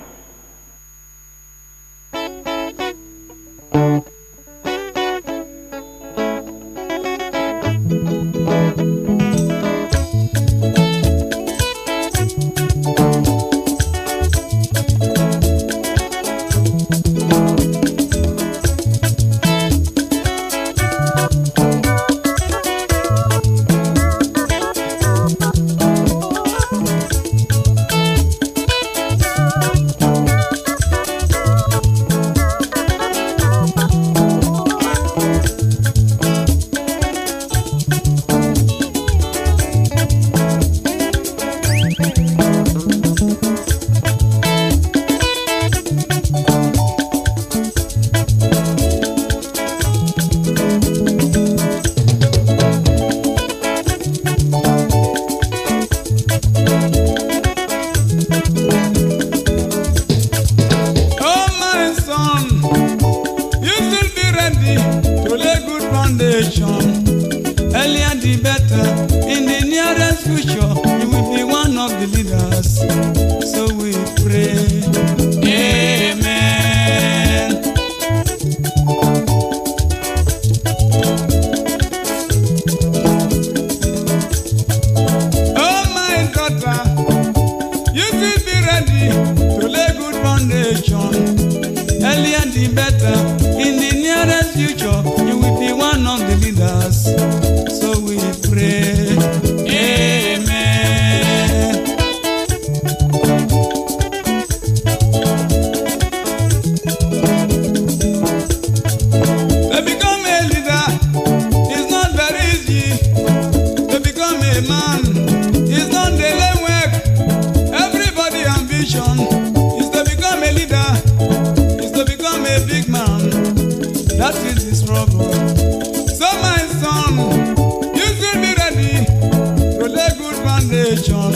migration,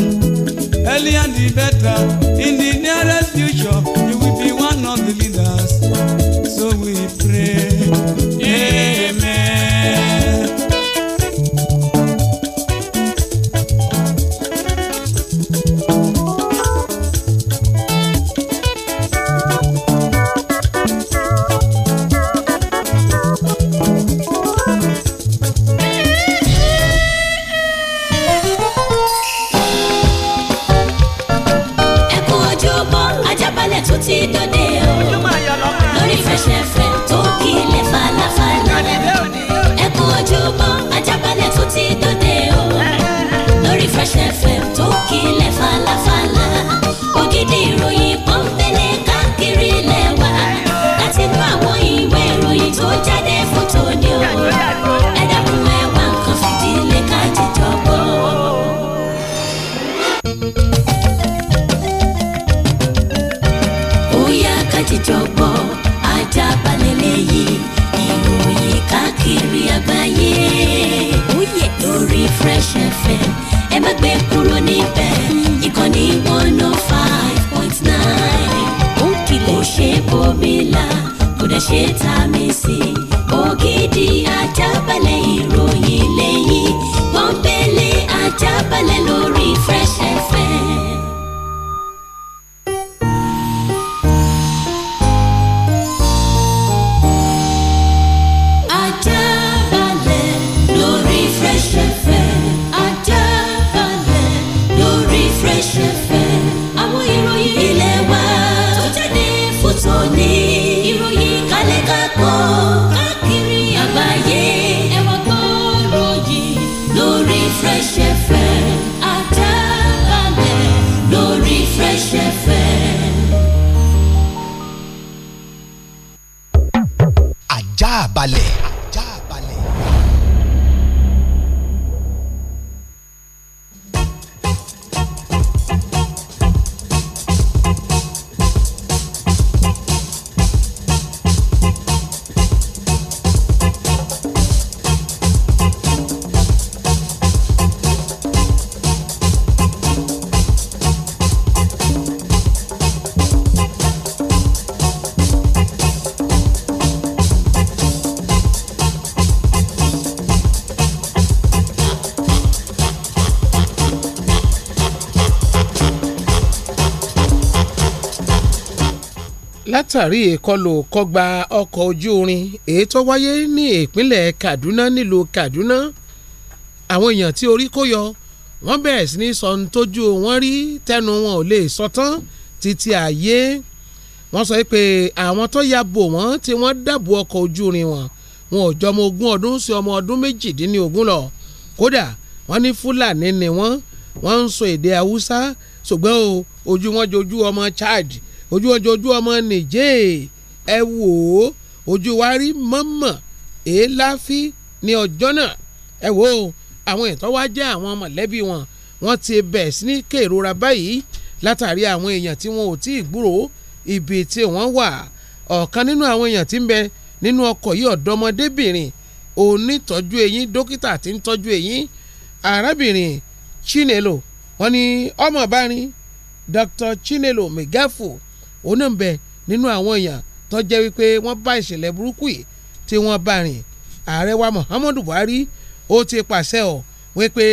early and the better in the nearest future. látàrí ìkọlù kọgba ọkọ̀ ojú irin èyí tó wáyé ní ìpínlẹ̀ Kaduna nílùú Kaduna àwọn èèyàn tí orí kó yọ wọ́n bẹ̀rẹ̀ sí ní sọ tójú wọn rí tẹnu wọn ò lè sọ tán títí ààyè wọ́n sọ pé àwọn tó ya bò wọ́n tí wọ́n dàbò ọkọ̀ ojú irin wọn wọn ò jọmọ ogún ọdún sí ọmọ ọdún méjìdínlógún lọ kódà wọ́n ní Fúlàní ni wọ́n wọ́n ń sọ èdè Haúsá ṣùgbọ́n ojú wọn jojú ọmọ Chad ojú ọjọ́ ojú ọmọ nìjẹ́ ẹ wò ó ojú wa rí mọ́mọ́ èéláfí ní ọjọ́ náà ẹ wò ó àwọn ìtọ́ wá jẹ́ àwọn mọ̀lẹ́bí wọn wọ́n ti bẹ̀ sí ní kèrora báyìí látàrí àwọn èèyàn tí wọn ò tí ì gbúrò ibi tí wọ́n wà ọ̀kan nínú àwọn èèyàn tí ń bẹ nínú ọkọ̀ yìí ọ̀dọ́mọdébìnrin onítọ́jú eyín dókítà tí ń tọ́jú eyín arábìnrin Chinelo wọ́n ní ọmọ bá rin Dr. Chinelo Megafu òun náà ń bẹ nínú àwọn èèyàn tó jẹ́ wípé wọ́n bá ìṣẹ̀lẹ̀ burúkú yìí tí wọ́n bá rìn ààrẹ wa Muhammadu Buhari ó ti pàṣẹ ọ̀ wípé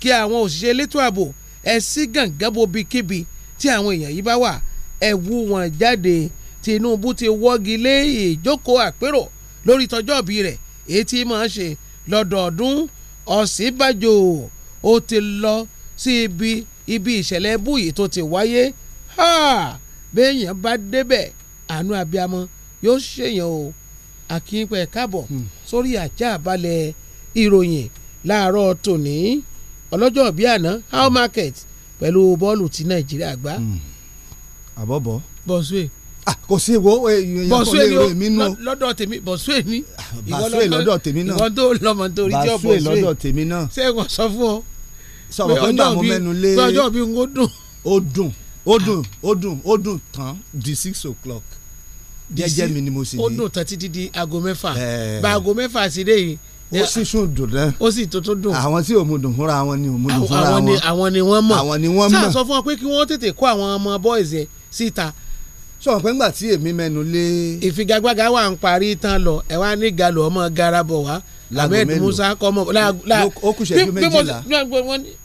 kí àwọn òṣìṣẹ́ elétò ààbò ẹ sí gàngán bobikíbi tí àwọn èèyàn yìí bá wà ẹ wú wọn jáde Tinubu ti wọ́gi lé ìjókòó àpérò lórí tọjọ́ọ̀bí rẹ̀ èyí tí máa ń ṣe lọ́dọọdún Ọ̀sínbàjò ó ti lọ sí ibi ibi ìṣẹ̀lẹ̀ búyì tó ti wáyé háà béèyàn bá débẹ̀ àánú abiyamọ yóò ṣèyàn o àkínpẹ̀ káàbọ̀ hmm. sórí àjà àbálẹ̀ ìròyìn láàárọ̀ tòní ọlọ́jọ́ bíi àná how hmm. market pẹ̀lú bọ́ọ̀lù tí nàìjíríà gbá. Hmm. àbọ̀bọ̀. bọ̀sùwẹ̀. Ah, kò sí ìwọ eh, bọ̀sùwẹ̀ ni lọ́dọ̀ tèmi bọ̀sùwẹ̀ ni. Ah, bọ̀sùwẹ̀ lọ́dọ̀ tèmi náà. ìwọ tó lọmọ torí tí ó bọ̀sùwẹ̀ lọ́dọ̀ tèmi náà. ṣé sọ fún ọ. sọ̀rọ̀ pé ń bá ọjọ́ bí n kò dùn. ó dùn ó dùn ó dùn ó dùn tán di six o'clock jẹ́jẹ́ mi ni mo sì ní. ó dùn tán títí di aago mẹ́fà bá aago mẹ́fà sí dé yìí ó sì sùn dùn dán. ó sì tuntun dùn. àwọn tí òmùdùn fúnra wọn ni òmùdùn fúnra wọn. àwọn ni wọ́n mọ̀ àwọn ni wọ́n mọ̀. sáà sọ fún wọn pé kí wọ́n tètè kó àwọn ọmọ boys ẹ̀ síta. sọ̀rọ̀ pé ńgbà tí èmi mẹ́nu lé. ìfigagbága wà ń parí tán lọ ẹ̀ wá ní galò ọmọ garabọ̀ wá ahmed musa kọmọ ó kù ṣẹ́jú méjìlá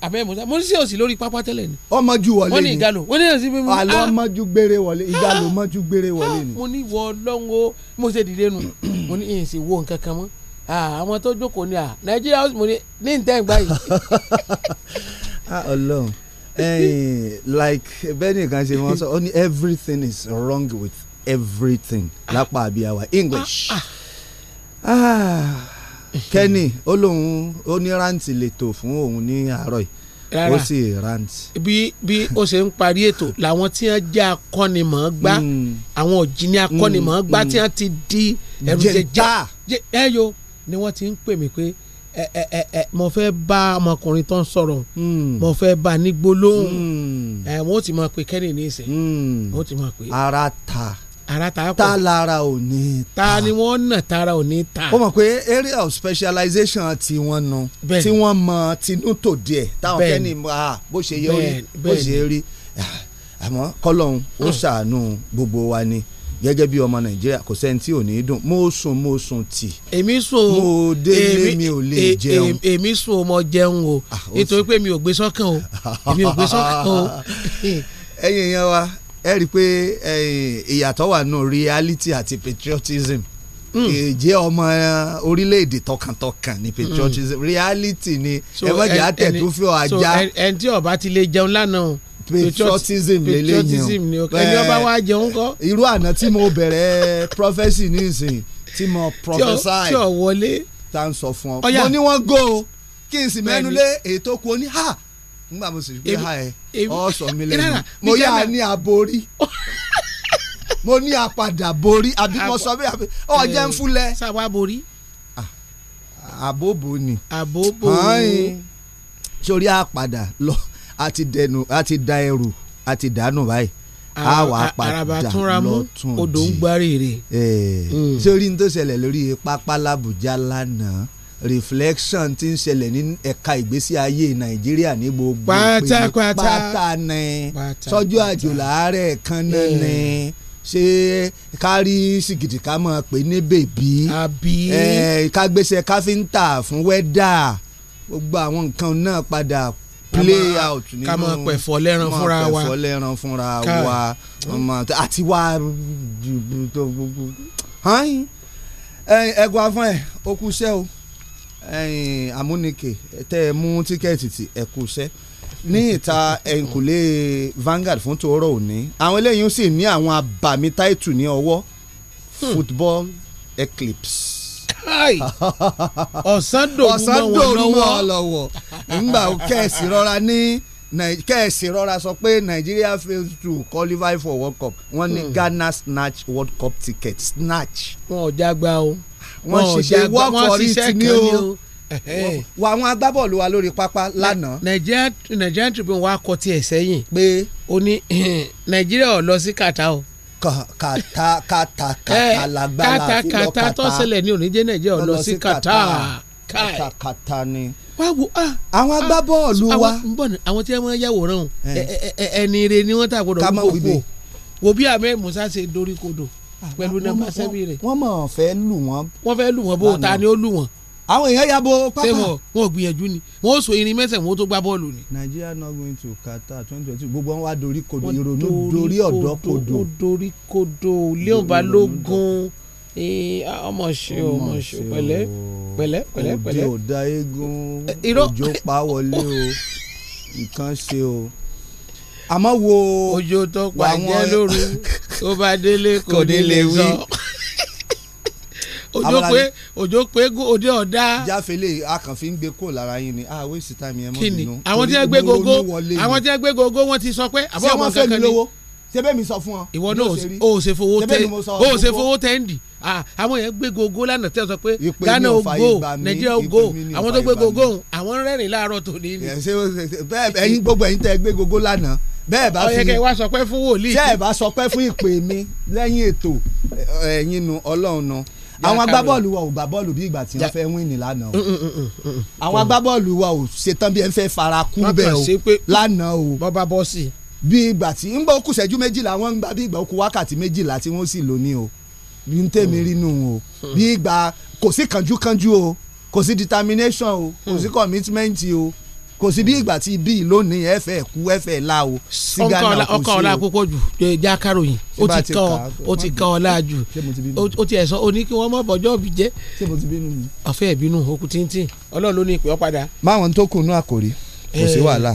ahmed musa mo sí òsì lórí pápá tẹ́lẹ̀ ni. ọmọjú wọlé ni wọ́n ní ìgalò wọ́n ní òsì mímú. àlọ́ ah! ọmọjú gbére wọlé ah! ìgalò ọmọjú gbére wọlé ni. Ah! mo ní wọ lọ́ngọ́ mo dìde nu mo ní ìyìnsì wo nǹkan kan mọ́ àwọn tó jókòó ni à nàìjíríà mo ní ní ntẹ́ ìgbà yìí. ọlọ́run like bẹ́ẹ̀ nìkan ṣe wọ́n sọ ọ everything is wrong with everything lápá àbí àwa english. Ah, ah. Ah. Kenny ó lóun ó ní rántí lètò fún òun ní àárọ̀ yìí ó sì rántí. bí bí ó ṣe ń parí ètò làwọn tí wọ́n jẹ́ akọ́nimọ̀ọ́gbá hmm. àwọn òjìní akọ́nimọ̀ọ́gbá hmm. tí wọ́n ti di ẹ̀rù jẹjẹ ẹ yo ni wọ́n ti ń pè mí pé ẹ ẹ ẹ mo fẹ́ bá ọmọkùnrin tó ń sọ̀rọ̀ hmm. mo fẹ́ bá ní gbólóhùn ẹ wọ́n ti máa pe kẹ́ni ní ìsẹ̀ wọ́n ti máa pe. ara ta ara ta kọ ta lara ò ní ta ta ni wọ́n nà tara ò ní ta. ó mọ̀ pé area of specialization ti wọ́n nu tí wọ́n mọ tinú tòde ẹ̀ táwọn kẹ́ni ah, bó ṣe yẹ orí bó ṣe rí ah, àmọ́ kọ́lọ́hún ó ṣàánú gbogbo wa ni gẹ́gẹ́ bí ọmọ nàìjíríà kò sẹ́ni tí ò ní í dùn mo sùn mo sùn tì. èmi sùn o mo délé mi ò lè e, e, jẹun. E, èmi sùn o mo jẹun o ah, nítorí pé mi ò gbé sọ́kàn o èmi ò gbé sọ́kàn o. ẹ̀yin yẹn wa ẹ rí i pé eh, ìyàtọ̀ wà nù reality àti patriotism hmm. ìjẹ́ ọmọ orílẹ̀-èdè tọkàntọkàn ni patriotism hmm. reality ni ẹ má jẹ́ àtẹ̀tún fún ajá. ẹni tí ọba ti lè jẹun lánàá patriotism lélẹ́yìn o ẹni ọba wa jẹun kọ́. irú àná tí mo bẹ̀rẹ̀ prophesy ní tí mo prophesy tí ò wọlé tá n sọ fún ọ mo ní wọn go kí n sì mẹ́nu lé ètò kù ó ní ha ngbà mo sì gbé ha ẹ ọsọ mi lẹ́nu mo yà á ní aborí mo ní apàdà borí àbí mo sọ bí àbí ọ jẹ ń eh, fúnlẹ. sábà borí. àbóbo ni. àbóbo ni. sórí apàdà lọ àti dẹnu àti da ẹrù àti dànù báyìí a wà á padà lọ́tún di odò ń eh, mm. tó ṣẹlẹ̀ lórí pápá làbújá lánàá reflection ti ń ṣẹlẹ̀ ní ẹ̀ka ìgbésí ayé nàìjíríà ní gbogbo pátá ni sọ́jọ́ àjò làárẹ̀ kan náà ni ṣé kárí sìgìdì ká máa pè ní bèbí ká gbéṣẹ́ káfíńtà fún wẹ́dà gbogbo àwọn nǹkan náà padà play out nínú ká máa pẹ̀fọ́ lẹ́ran fúnra wa pẹ̀fọ́ lẹ́ran fúnra wa àti wa ẹ̀gbọ́n afọ́n ẹ̀ ó kú sẹ́ o amúnike tẹ́ ẹ mú tíkẹ́ẹ̀tì tí ẹ kú sẹ́ ní ìta ẹ̀ǹkùlé Vanguard fún tòórọ́ òní àwọn eléyìí sì ní àwọn abàmì táìtù ní ọwọ́ hmm. football eclipse kai ọ̀sán dòrú mọ́ ọ lọ́wọ́ nígbà kẹ́ẹ̀sì rọra ní kẹ́ẹ̀sì rọra sọ pé Nigeria fails to qualify for World Cup wọ́n ní hmm. Ghana snatch World Cup ticket snatch. wọn ò jágbá o wọ́n ṣiṣẹ́ wọ́kọ̀ rí ti ní o wọ àwọn agbábọ́ọ̀lù wa lórí pápá lánàá. Nigerian Nigerian Tribune wa kọ tiẹ̀ sẹ́yìn pé o ní Nàìjíríà ò lọ sí kàtà o. kàtà kàtà kàtà lágbára fún lọ kàtà. kàtà tó ṣẹlẹ̀ ní oníjẹ́ Nàìjíríà ò lọ sí kàtà. kàtà kàtà ni. wá wo ah àwọn ah, agbábọ́ọ̀lù wa. àwọn tí wọ́n yàwòrán o eh. ẹni ire ni wọ́n tàgbọ́dọ̀ wọ́pọ̀ wo bí Ahmed Musa ṣe dorí kodò pẹ̀lú nọ́mbà sẹ́bí rẹ̀. wọ́n mọ̀ fẹ́ lù wọ́n. wọ́n fẹ́ lù wọ́n bó ta ni ó lù wọ́n. àwọn èèyàn ya bo pápá. sẹ́wọ̀n wọn ò gbìyànjú ni wọn ò so irin mẹ́sẹ̀ wọn ò tó gbá bọ́ọ̀lù ni. Nigeria not going to Qatar twenty twenty gbogbo wọn wá dorí kodo ìrònú dorí ọ̀dọ́ kodo. dorí kodo Leon Balogun ọmọ ṣe ọmọ ṣe pẹ̀lẹ́ òde ò da eégún òjò pa wọlé o nǹkan ṣe o àmọ́ wo ojo tó pàjẹ́ lóru tó bá délé kò délé wí ojo pé ojo pé òde ọ̀dá. jáfẹ́lẹ́ akànfin gbé kó lára yín ni ah waste time yẹn mọ́ bínú. kí ni àwọn tí wọ́n gbé gogo àwọn tí wọ́n gbé gogo wọ́n ti sọ pé àbọ̀ ọmọ kankan ni. ṣé wọ́n fẹ́ mi lówó sebe mi sọ fún ọ. ìwọ náà o ṣe fowó tẹ o ṣe fowó tẹ́ndì àwọn yẹn gbé gogo lánàá tẹ́ sọ pé Ghana o go Nigeria o go àwọn tó gbé gogo òun àwọn rẹ́rìn láàárọ̀ tòní ni. bẹ́ẹ̀ ẹ̀yin gbogbo ẹ̀yin tẹ́ gbé gogo lánàá bẹ́ẹ̀ bá fi ọ̀yẹ̀kẹ̀ wá sọpẹ́ fún wòlíì. tẹ́ ẹ̀ bá sọpẹ́ fún ìpè mi lẹ́yìn ètò ẹ̀yin nu ọlọ́run nu àwọn agbábọ́ọ̀lù wa ò gbá bọ́ọ̀lù bí ìgbà tí wọ́n fẹ́ win ní lánàá o mm, mm, mm, àwọn agbábọ́ọ̀lù wa ò ṣetán bí ẹ fẹ́ fara kú bẹ́ẹ̀ o lánàá o. bọ́ bá bọ́ sí i bí ìgbà tí ń bọ́ kù ṣẹ́jú méjìlá wọ́n ń gba bí ìgbà ó wákàtí méjìlá tí wọ́n sì lò ní o bí ń tèmi rínú o bí ìgbà kò sí kánjúkánjú o kò sí determination o kò sí commitment o kò sí bí ìgbà tí bíi lónìí ẹ fẹ́ kú ẹ fẹ́ la o sígá náà kò sí o. ọkọ ọlá púpọ̀ jù já káròyìn ó ti kàn ó ti kàn ọlá jù ó ti ẹ̀sọ́ o ní kí wọ́n mọ̀ bọ́jọ́ bí jẹ́ ọ̀fẹ́ ìbínú okùn tíntín ọlọ́run ló ní ìpè ọ́ padà. máwọn tó kùnú àkòrí kò sí eh. wàhálà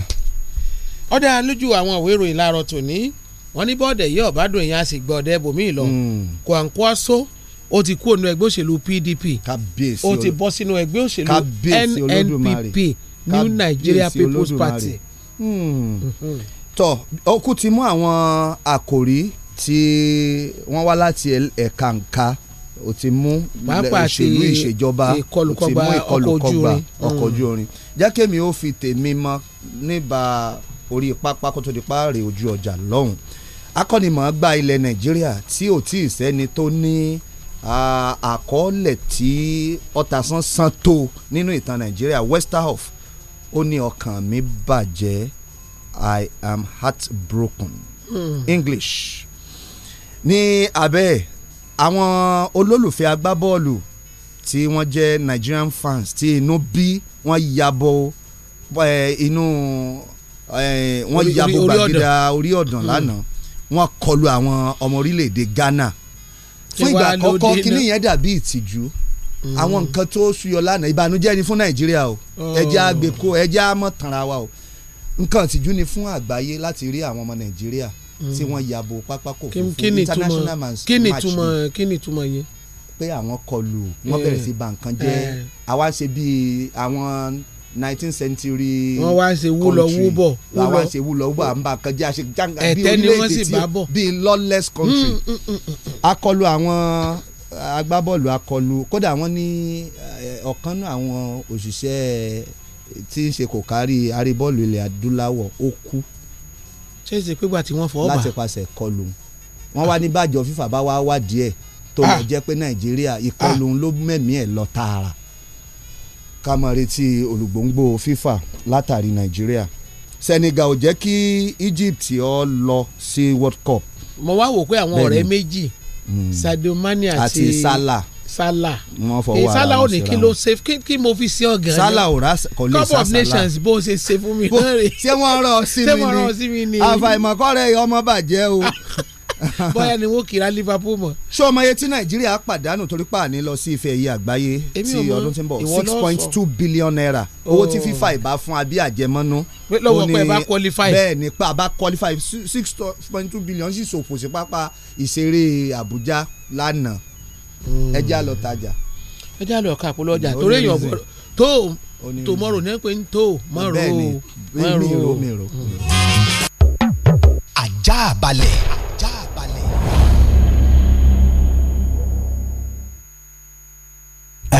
ọ̀dà lójú àwọn òwe ìròyìn láàárọ̀ tòní wọ́n ní bọ́ọ̀dẹ̀ yìí ọ̀bádùn èèyàn á sì gbọ́dẹ̀ bòmíì lọ hmm. Kwankwaso ó ti kú ònú ẹgbẹ́ òṣèlú PDP ó ti bọ́ sínú ẹgbẹ́ òṣèlú NNPP New Nigeria People's Party. Hmm. Mhm. tọ okú ti mú àwọn àkòrí tí wọ́n wá láti ẹ̀ka nǹka ó ti mú ìṣèlú ìṣèjọba ó ti mú ìkọlùkọgba ọkọ̀ ojú orin. Hmm. jákèmí ó fi tèmi mọ níbà orí pápá kó tó di páàrẹ̀ ojú ọjà lọ́hùn akọ́nimọ̀ọ́gbá ilẹ̀ nàìjíríà tí ò tí ì sẹ́ni tó ní àkọọ́lẹ̀ tí ọ̀tàsán san tó nínú ìtàn nàìjíríà Westerhoff ó ní ọkàn mi bàjẹ́ I am heartbroken mm. English ní abẹ́ àwọn olólùfẹ́ agbábọ́ọ̀lù tí wọ́n jẹ́ Nigerian fans tí inú bí wọ́n yabọ̀ inú. Eh, Eh, wọ́n ya bo gbàgede orí ọ̀dàn hmm. lánàá wọ́n kọlu àwọn ọmọ orílẹ̀-èdè Ghana fún ìgbà àkọ́kọ́ kíní yẹn dàbí ìtìjú hmm. àwọn nǹkan tó ṣúyọ lánàá ìbànújẹ́ ni fún Nàìjíríà o ẹja oh. àgbẹ̀kọ ẹja àmọ́ tanra wa o nǹkan ìtìjú ni fún àgbáyé láti rí àwọn ọmọ Nàìjíríà hmm. tí wọ́n ya bo pápákọ̀ òfurufú international match ni. kí ni túmọ̀ yẹn pé àwọn kọlù wọ́n bẹ̀rẹ̀ eh. sí bà nǹkan jẹ́ eh. àwa ṣe bíi àwọn nineteenth century. wọ́n wá ń ṣe wúlọ wúbọ̀. wọ́n wá ń ṣe wúlọ wúbọ̀ àmúbà kan jẹ́ àṣẹ jàǹgà bí orílẹ̀-èdè tí bí lawless mm, country. Mm, mm, akọlù àwọn eh, agbábọ́ọ̀lù akọlù kódà wọ́n ní eh, ọ̀kan náà àwọn òṣìṣẹ́ eh, tí ń ṣe kò kárí arébọ́ọ̀lù ilẹ̀ adúláwọ̀ ó kú. ṣé èsì pípa tí wọ́n fọwọ́ bá. láti paṣẹ kọlù wọn wá ní bàjọ́ fífà bá wá wá díẹ̀ tó mọ̀ ah. jẹ́ pé nàìjíríà ìkọlù ah. ló mẹ̀mí ẹ̀ lọ tààrà ká máa retí olùgbòǹgbò FIFA látàrí nàìjíríà Senegal ò jẹ́ kí Egypt ọ lọ sí World Cup. mo wá wò pé àwọn ọ̀rẹ́ méjì hmm. Sadio Mane àti Salah sálà sálà ò ní kí ló save kí kí mo fi ṣe ọgàn sálà ò rà kò lè sá sálà cup of nations bó ṣe ṣe fún mi náà rè ṣé wọ́n sí mi ni àfàìmọ̀kọ́ rẹ̀ ọmọ bàjẹ́ o. bóyá ni wọ́n kira Liverpool mọ̀. ṣé ọmọ yẹn tí Nàìjíríà pàdánù torí pààní lọ sí ife ẹ̀yẹ àgbáyé ti ọdún tí ń bọ̀ six point two billion naira owó tí oh. FIFA ìbá fún abí àjẹmọ́nú. lọ́wọ́ pé bá qualify. bẹ́ẹ̀ ni pa bá qualify six point two billion sì ṣòfò sí pápá ìṣeré Àbújá lánàá hmm. ẹ já lọ tajà. ẹ já lọ ká àpolọ ọjà torí èèyàn bọ̀ tó tomorrow ní pé ń tó mọ̀rọ̀ mọ̀rọ̀. àjà balẹ̀. a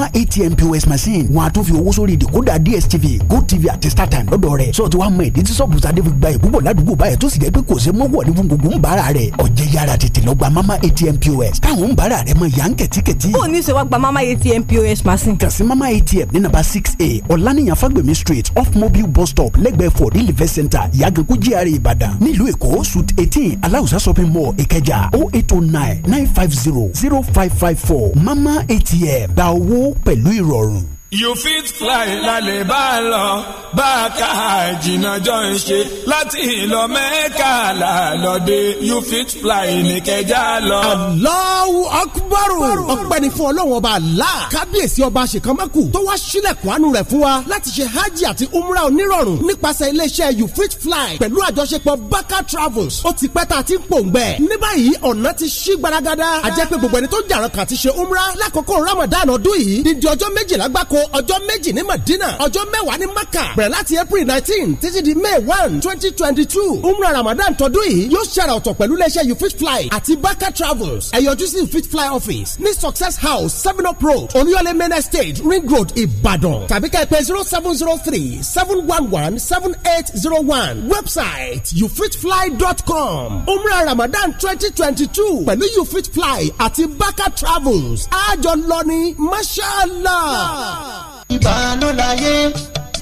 Wema ATM POS machine wọn a tún fi owó sórí ìdìkúdà DSTV GoTV àti StarTime lọ́dọ̀ rẹ̀ sọ ti wá mọ ìdí tí sọ́ọ̀bù sadé fi gba ìbúbọ̀ ládùúgbò báyìí tó sì jẹ́ pé kò ṣe mọ́wọ́ ní gbogbo ń bára rẹ̀ ọ̀jẹ̀ yára tètè lọ gba Mama ATM POS táwọn ń bára rẹ̀ mọ ìyá ń kẹ̀tíkẹ̀tí. ó ní ṣe wá gba Mama ATM POS machine. kàn Mama ATM ní nàbà six a ọ̀lànìyàn fagbemi street off mobile bus stop lẹ́gbẹ̀ẹ́ for real event center yagankun GRA Ìbàdàn nílùú Èkó suit eighteen aláùsá shopping mall Ìkẹjà Oh eight oh nine nine five zero zero five five four Mama ATM gba owó pẹ̀lú ìrọ̀rùn you fit fly lálẹ́ bá a lọ bá a ká jìnnà jọ ń ṣe láti ìlọ mẹ́ka làlọ́dẹ you fit fly ní kẹjá lọ. Allahu Akbar ọpẹ́ ni fún ọlọ́run ọba Allah kábíyèsí ọba àṣekánmọ́kù tó wá sílẹ̀kùn àánú rẹ̀ fún wa láti ṣe hajj àti umrah onírọ̀rùn nípasẹ̀ iléeṣẹ́ you fit fly pẹ̀lú àjọṣepọ̀ baka travels ó ti pẹ́ tá a ti ń pòǹgbẹ ní báyìí ọ̀nà ti ṣí gbaragada àjẹpẹ́ gbogbo ẹni tó jàrọ̀ kà ti ṣe umrah lákòókò Ramadan ọdún yìí ní di ọjọ́ méjìlá gbáko ọjọ́ méjì ní Madina ọjọ́ mẹ́wàá ní Maka bẹ̀rẹ̀ láti April nineteen títí di May one twenty twenty two Umra Ramadan tọdún yìí yóò ṣàrà ọ̀tọ̀ pẹ̀lú iléeṣẹ́ you fit fly àti Baka travels ẹ̀yọjú sí you fit fly office ní Success House seven up road Oníyọ̀lé main estate Ring Road Ìbàdàn tàbí ká zero seven zero three seven one one seven eight zero one website youfitfly.com Umra Ramadan twenty twenty two pẹ̀lú you fit fly àti Baka travels àjọ masha Allah. mashallah ìbànú láyé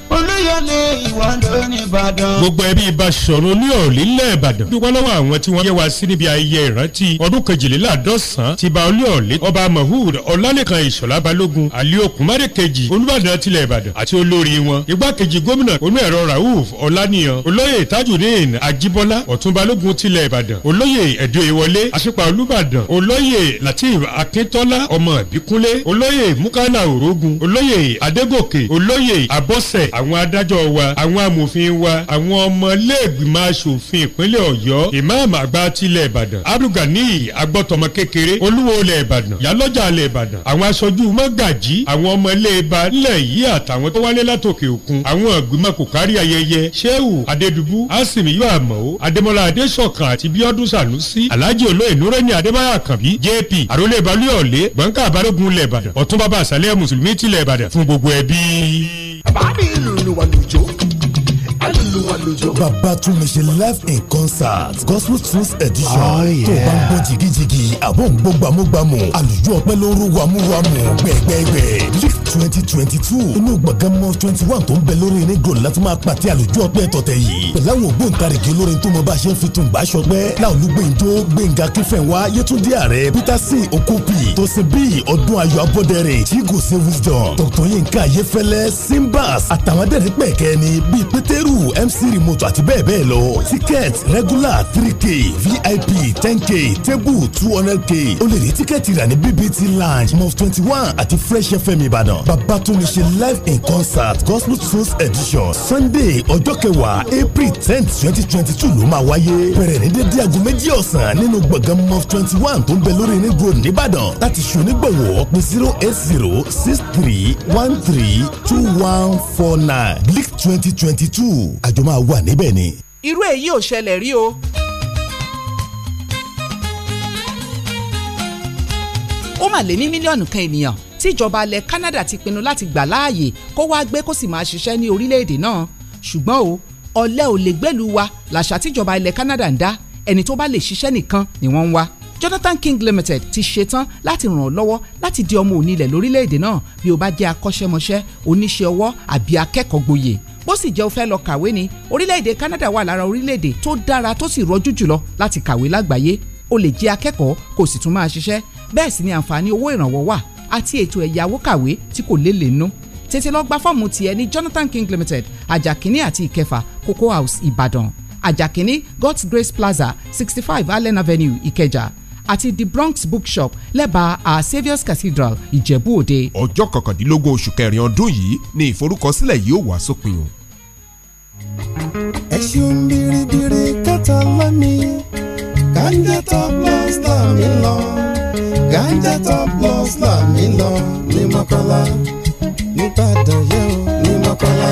olóyọ̀lé ìwà lónìí ìbàdàn. gbogbo ẹbí Baṣọ̀run ní òlílẹ̀ ìbàdàn. dúpẹ́ lọ́wọ́ àwọn tí wọ́n yẹ wá sí níbi ayẹyẹ ìrántí ọdún kejìléláàdọ́sàn-án ti ba olóyọ̀lé ọba mahud ọlálẹ́kan ìṣọ̀lá balógun àlí òkúnmádé kejì olúbàdàn tilẹ̀ ìbàdàn àti olórí wọn. igbákejì gómìnà onú ẹ̀rọ rauf ọláníyàn olóyè tajudeen ajíbọ́lá ọ̀tún balógun tilẹ̀ ìbàdàn olóyè ẹ̀dùnìwọlé àṣípa olúbàdàn olóyè latif akíntọ́lá ọmọ ìbíkúnlé mukala orogun olóyè adégòkè olóyè abọ́sẹ̀ àwọn adájọ́ wa àwọn amòfin wa àwọn ọmọléègbìmọ̀ asòfin ìpínlẹ̀ ọ̀yọ́ ìmáàmù àgbà tilẹ̀ ìbàdàn abdulganiyi agbọ́tọmọ kékeré olúwo ilẹ̀ ìbàdàn yálọ́jà ilẹ̀ ìbàdàn àwọn aṣojú mọ́gàjì àwọn ọmọléèba ńlẹ̀ yìí àtàwọn tó wálé látòkè òkun àwọn ìgbìmọ̀ kò kárí ayẹyẹ sehu adedubu asimi yóò àmọ́ adémọlá adéṣọ̀kan àti bíọ́dún sanusi alhaji olóyè nureni adébáyà kànbí jp àrólé balùwẹ̀ ọ̀lẹ́ gbọ̀ǹkà àbálógun ilẹ̀ ìbàdàn ọ̀túnbàbà àṣàlẹ̀ mùsùlùmí tilẹ̀ ìbàdàn fún gbogbo ẹbí. Babylon, mi ìlú ìlú wà lójó. Baba wà lójó. bàbá tún mi ṣe live in concert gospel tunes edition oh, tó bá ń gbọ́ jigijigi àbọ̀ ń gbọ́ gbàmúgbàmù àlùjọ ọpẹ́ ló ń rú wàmúwàmù gbẹ̀gbẹ̀gbẹ̀ lift twenty twenty two inú gbọ̀ngàn mọ́ twenty one tó ń bẹ lórí nígò láti máa pàtẹ àlùjọ ọpẹ́ tọ̀tẹ̀ yìí pẹ̀lú àwọn ògbóǹtarìgì olórin tó mọ bá ṣe ń fi tún gbà ṣọpẹ́ láòlú gbẹ̀ǹdó gbẹ̀ǹgà kífẹ̀wá yétúndí ààrẹ peterson okopi tosin bíi ọdún ayọ̀ abọ́dẹrẹ̀ chigo say wisdom dr yinka ayefẹ́lẹ́ simbas àtàwọn adẹ́rìn pẹ̀kẹ́ ni bíi pétérù mc remote àti bẹ́ẹ̀ bẹ́ẹ̀ lọ ticket regular three k vip ten k table two hundred k o lè rí tíkẹ́ẹ̀tì rà ní bbt lounge mof twenty one àti fresh fm ìbàdàn babatunde ṣe live in concert gospel tunes edition sunday ọjọ́ kẹwàá april tenth twenty twenty two ló máa wáyé bẹ̀rẹ̀ ní dédé aago méjì ọ̀sán nínú gbọ̀ngàn mof twenty one tó ń bẹ lórí ní road nìbàdàn láti ṣonígbọ̀wọ́ pé zero eight zero six three one three two one four nine leak twenty twenty two àjọ máa wà níbẹ̀ ni. irú èyí ò ṣẹlẹ̀ rí o. ó mà lé ní mílíọ̀nù kan ènìyàn tí ìjọba ilẹ̀ Canada ti pinnu láti gbà láàyè kó wá gbé kó sì máa ṣiṣẹ́ ní orílẹ̀-èdè náà ṣùgbọ́n o ọ̀lẹ ò lè gbẹ́lu wa làṣà tíjọba ilẹ̀ Canada ń dá ẹni tó bá lè ṣiṣẹ́ nìkan ni wọ́n ń wá Jonathan King Limited ti ṣetán láti ràn ọ́ lọ́wọ́ láti di ọmọ onílẹ̀ lórílẹ̀‐èdè náà bí o bá jẹ́ akọ́ṣẹ́mọṣẹ́ oníṣẹ́ ọwọ́ àbí akẹ́kọ̀ọ́ gboyè bó sì jẹ́ o fẹ́ lọ kàwé ni orílẹ̀-èdè Canada wà lára orílẹ̀-èdè tó dára tó sì rọjú jùlọ láti kàwé lágbàáyé o lè jẹ́ akẹ́kọ̀ọ́ kò sì tún máa ṣiṣẹ́ bẹ́ẹ̀ sì ni àǹfààní owó ìrànwọ́ wà àti ètò ẹ̀yáwó kàwé tí kò lélè nú tètè lọ gba fọ́ọ̀mù tiẹ̀ ní Jonathan King Limited ajakini àti ìkẹfà Coco House Ìbàdàn ajakini God's Grace Plaza sixty five Allen Avenue Ìkẹjà àti the Bronx Bookshop lẹ́bàá our Saviour's Cathedral Ìjẹ̀bú Òde. ọjọ́ kọkàndínlógún oṣù kẹrin ọdún yìí ni ìforúkọsílẹ̀ yìí ó sópin o ẹ ṣeun biribiri kẹta lami ganja top loss là ganja top loss là mí lọ ní Mọ́kọ́lá nígbàdàn yẹn ò ní Mọ́kọ́lá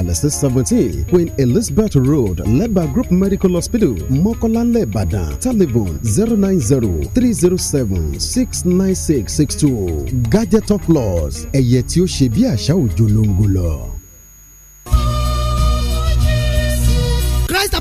ìkàlẹ̀sí seventeen Queen Elizabeth Road Leba Group Medical Hospital Mọ́kànlá Ìbàdàn telephone zero nine zero three zero seven six nine six six two Gadget of Laws ẹ̀yẹ tí ó ṣe bí àṣà òjò ló ń gò lọ.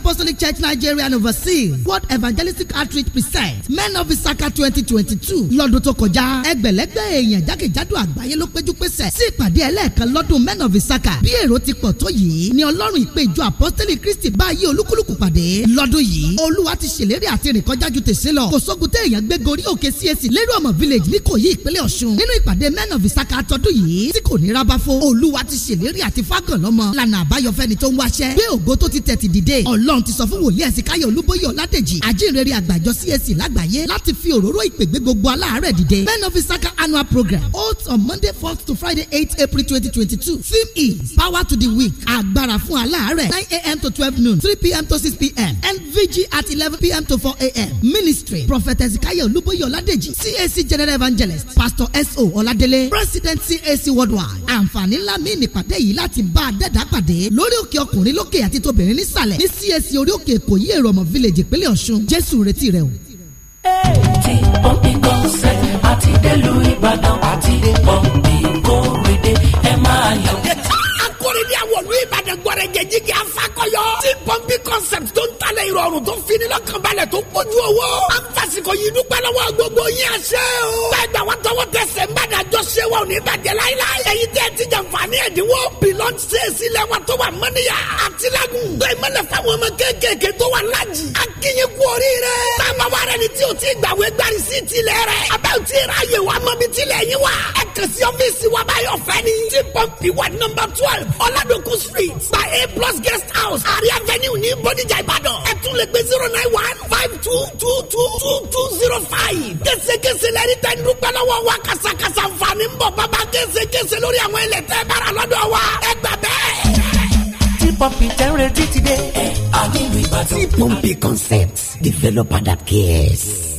Apostolic Church Nigeria and overseas World Evangelistic Outreach Present Men of Isaka twenty twenty two lọ́dún tó kọjá ẹgbẹ̀lẹ́gbẹ̀ èèyàn jákèjádò àgbáyé ló péjú pésẹ̀ sí ìpàdé ẹlẹ́ẹ̀kan lọ́dún Men of Isaka bí èrò ti pọ̀ tó yìí ni Ọlọ́run ìpè Apostolic Christi báyé olúkúlùkù pàdé lọ́dún yìí Olúwa ti ṣèlérí àti rìn kọjá ju tèṣe lọ kò sógun tẹ èèyàn gbé gorí òkè CAC lérò ọmọ village níkòyí ìpínlẹ̀ Ọ̀ṣun nínú ìpàdé Men of Isaka tọdún yìí tí kò ní rábáfó Olúwa ti ṣèlérí àti fagànlọ́mọ lànà àbáyọ fẹ́ni tó ń wáṣẹ́ gbé ògo tó ti tẹ̀ ọlọ́run ti sọ fún wòlíì ẹ̀sìn káyọ̀ olúbóyè ọ̀làdèjì àjíǹrere àgbàjọ CAC lágbàáyé láti fi òróró ìpègbè gbogbo aláàárẹ̀ dìde men of isaka annual program holds on monday fourth to friday eight april twenty twenty two theme is power to the weak agbára fún aláàárẹ̀ nine a.m. to twelve noon three p.m. to six p.m. and VG at eleven p.m. to four a.m. ministry prophet ẹ̀sìnkáyọ̀ olúbóyè ọ̀làdèjì CAC general evangelist pastor S.O. ọ̀làdélé president CAC worldwide àǹfààní ńlá mi nípàdé yìí láti bá a dẹ́dàá pàdé lórí òkè ọkùnrin lókè àti tóbìnrin nísàlẹ̀ ní CAC ọ́fíìsì orí òkè èkó yí èròmọ̀ village ìpínlẹ̀ ọ̀ṣun jésù retí rẹ o. ti pọ́ǹpì kọ́nsẹ̀t àti délùú ìbàdàn àti pọ́ǹpì kórèdè ẹ máa yọ wọ̀lú ìbàdàn gbọ́dẹ̀jẹ̀ jíjẹ́ afakọyọ. tí pọ́ńpì concept tó ń talẹ̀ ìrọ̀rùn tó fini lọ́kànbalẹ̀ tó pójú owó. an fasikọ yìí dúpẹ́ lọ́wọ́ gbogbo yín àṣẹ o. gbàgbà wa tọwọ́ tẹsẹ̀ ń bàdàn jọ ṣe wa ò ní bàjẹ́ láíláí. èyí tẹ́ ti jàǹfààní ẹ̀dínwó. pilọ́n ṣe é sílẹ̀ wa tó wà mọ́níyà. àtìlágùn gbẹ̀ mọ́lẹ̀ fáwọn ọmọ kéékèèké tó wà lájì. a kì í yín kú oríire. táwọn wa rẹ ni tí o ti gbàwé gbàrí sí tilẹ̀ rẹ. abẹ́ ò ti ra yè wa mọ́bi tilẹ̀ yín Miracle Street by A plus guest house Àrí Avenue ní Bódìjà Ìbàdàn. Ẹ tún lè gbé zero nine one five two two two two two zero five. Kèsèkèsè lẹ́ni tẹ́ ń dúpẹ́ lọ́wọ́ wa kàṣàkàṣà nfààní ń bọ̀ bàbá kèsèkèsè lórí àwọn ilẹ̀ tẹ́ bára lọ́dọ̀ wa. Ẹ gbà bẹ́ẹ̀. pọ́ǹpì tẹ́ ń retí ti dé. Ẹ àmì ìlú Ìbàdàn. Tí pọ́ǹpì concepts developer that cares. Yeah.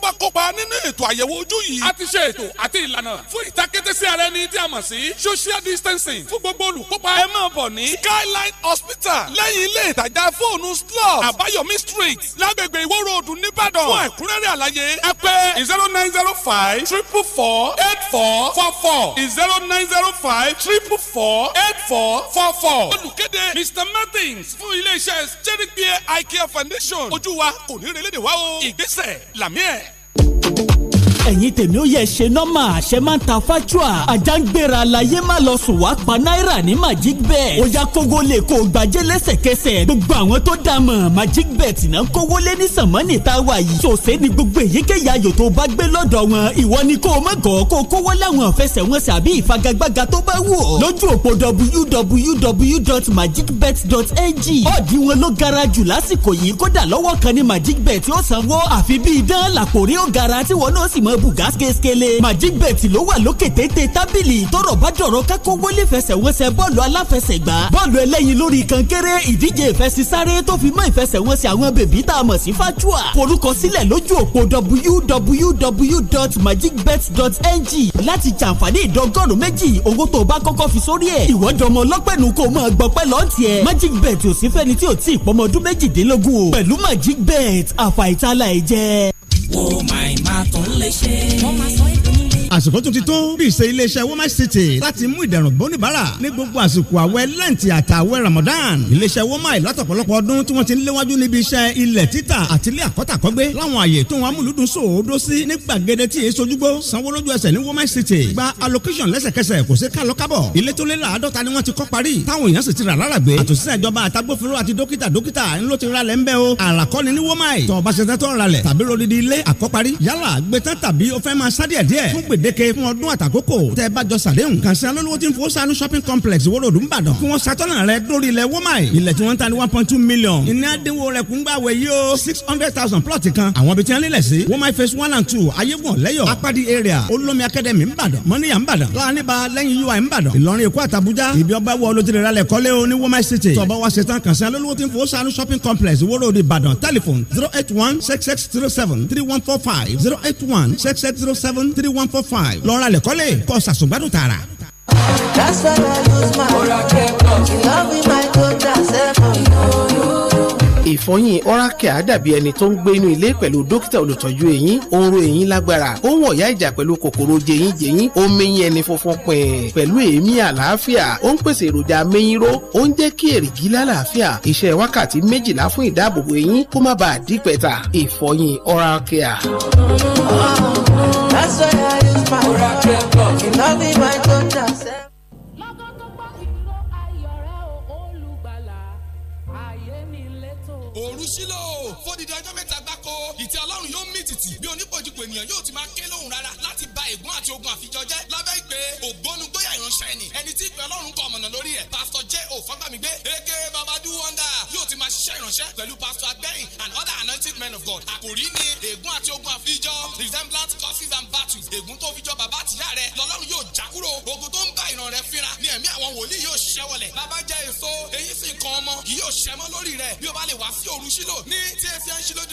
bá kópa nínú ètò àyẹ̀wò ojú yìí. a ti ṣe ètò àti ìlànà fún ìtakété sí ara ẹni tí a mọ̀ sí social distancing fún gbogbo olùkópa ẹ máa bọ̀ ní. skyline hospital lẹ́yìn ilé ìtajà fóònù slot àbáyọ̀mí street lágbègbè ìwó ròdù nìbàdàn fún ẹ̀kúnrẹ́rẹ́ àlàyé ẹ pè zero nine zero five triple four eight four four four is zero nine zero five triple four eight four four four. olùkéde mr martins fún iléeṣẹ́ cherry beer eye care foundation ojú wa kò ní relé de wa o ìgbésẹ̀ làmí ẹ̀ ẹ̀yin tèmi ó yẹ ṣe nọ́mà àṣẹ máa ń ta fájúà ajá ń gbéra láyé má lọ sùn wá pa náírà ní magic bet ó yá kógó lè kó o gbàjẹ́ lẹ́sẹ̀kẹsẹ̀ gbogbo àwọn tó dá mọ̀ magic bet náà kówó lé ní sànmọ́nì tá a wà yìí ṣòṣe ni gbogbo èyíkéyìí ayò tó bá gbé lọ́dọ̀ wọn ìwọ ni kó o má gọ̀ kó o kówó láwọn ìfẹsẹ̀wọnsẹ̀ àbí ìfagagbága tó bá wù ọ́ lójú òpó www.magicbet.ng ọ̀dì wọn ló gara jù lásìkò yìí kódà lọ́wọ́ kan ní magic bet ó sanwó àfi bíi dán làkòrí ó gara tí ìgbìmọ̀ bùgá kéékèèlé magic bet ló wà lókè téńté tábìlì tọrọ bá dọ̀rọ̀ kákó wọlé fẹsẹ̀wọnsẹ̀ bọ́ọ̀lù aláfẹsẹ̀gbá bọ́ọ̀lù ẹlẹ́yin lórí kankéré ìdíje ìfẹsísáré tó fi mọ́ ìfẹsẹ̀wọnsẹ̀ àwọn bèbí tá a mọ̀ sí fájúà forúkọsílẹ̀ lójú òpó www.magicbet.ng láti jàǹfààní ìdọ́gọ́rùn méjì owó tó o bá kọ́kọ́ fi sórí ẹ̀ ìwọ́dọ̀mọ ọlọ́pẹ̀nu kò mọ̀ gbọ́pẹ́ lọ́ọ̀tì ẹ̀ magic bet ò sí wo màìmá tó ń lè ṣe. wọ́n máa sọ èdè àsìkò tún ti tó bí ìṣe iléeṣẹ́ womack city láti mú ìdẹ̀rùn gbóni bára ní gbogbo àsìkò àwẹ̀ lẹ́ǹtì àtàwẹ̀ ramadan iléeṣẹ́ womack látọ̀pọ̀lọpọ̀ ọdún tí wọ́n ti ń léwájú níbi iṣẹ́ ilẹ̀ títà àti ilé àkọ́tàkọ́gbé láwọn àyè tó wọn amúlùdùn sòódó sí ní gbàgede tí èso júgbó sanwó lójú ẹsẹ̀ ní womack city gba allocation lẹ́sẹ̀kẹsẹ̀ kò sí kálọ kábọ̀ ilé tó lé láàdọ́ta ni wọ́n ti kọ́ parí táwọn èèyàn sì ti rà lálàgbé àtòsíṣẹ́ ìjọba àtagbófinró àti dókítà dókítà ńlọ ti ralẹ̀ ńbẹ́ o àràkọ́ni ní womack tọ́ ọ bá ṣe tẹ́tọ́ ralẹ̀ tàbí rodidi ilé àkọ́parí yálà gbẹtẹ́ gbèdéke fún ọdún àtàkókò tẹ́ bá jọ sàdéhùn kàn sí alólùwọ́ tí ń fowó sanu shopping complex wọ́rọ̀dù ńbàdàn kí wọ́n ṣàtọ́nà rẹ lórí ilẹ̀ wọ́màì ilẹ̀ tí wọ́n ń ta ní one point two million ìní àdéhùn rẹ̀ kún gbàwé yìí ó six hundred thousand plot kan àwọn ibi tí wọ́n nílẹ̀ sí wọ́màì phase one and two ayégun lẹ́yọ̀ apadi area olómi academy ńbàdàn mọ́níyà ńbàdàn láàánibà lẹ́yìn ui ńbàdàn ìlọrin èkó àtàbújá ibi ọgbà wọ olótìrẹ rálẹ̀ kọ́lé o ní wọ́màì city tọ́ba wa ṣetán kàn sí alólùwọ́ tí ń fowó sanu shopping complex wọ́rọ̀dù ìbàdàn telephone zero eight one six six zero seven three one four five zero eight one six six zero seven three one four five five lọ́ra lẹ́kọ́lẹ̀ kọ́ sàṣùgbádùn tààrà. That's why I lose my oracle. You love me, my daughter, seven. You know you ìfọyín oral care dàbí ẹni tó ń gbé inú ilé pẹ̀lú dókítà olùtọ́jú eyín ó eyín lágbára ó ń ìjà pẹ̀lú kòkòrò jẹyínjẹyín ó ń mẹyín ẹni funfun pin pẹ̀lú èémí àlàáfíà ó ń pèsè èròjà mẹyìnró ó ń jẹ́ kí èrìgì lálàáfíà iṣẹ́ wákàtí méjìlá fún ìdáàbòbò eyín kó má bàa dípẹ̀tà ìfọyín oral That's why I use my òru sílò fódìdí ọjọ́ mẹ́ta gbáko ìtẹ́ ọlọ́run yóò mì tìtì bí onípojúpo ènìyàn yóò ti máa ké lóhùn rárá láti ba ègún àti ogun àfijọ́ jẹ́ lábẹ́ ìpè ògbónugbóyà ìránṣẹ́ ẹni ẹni tí ìpè ọlọ́run kọ ọ̀mọ̀nà lórí ẹ̀ pásítọ̀ jẹ́ òfọ́gbàmígbé eke babadu wọ́ndà yóò ti máa ṣiṣẹ́ ìránṣẹ́ pẹ̀lú pásítọ̀ agbẹ́yìn and other anointed men of God àkòrí ni ègún àti ogun àfijọ́ resemblance causes and battles ègún tó fijọ́ bàbá àtìyá rẹ lọ́lọ́run yóò já kúrò ogun tó ń bá ìran rẹ fínra ni ẹ̀mí àwọn wòlíì yóò ṣẹ́wọlẹ̀ bàbá jẹ́ èso èyí sì kan ọmọ kì yóò ṣẹ́mọ́ lórí rẹ bí o bá lè wá sí òru sílò ní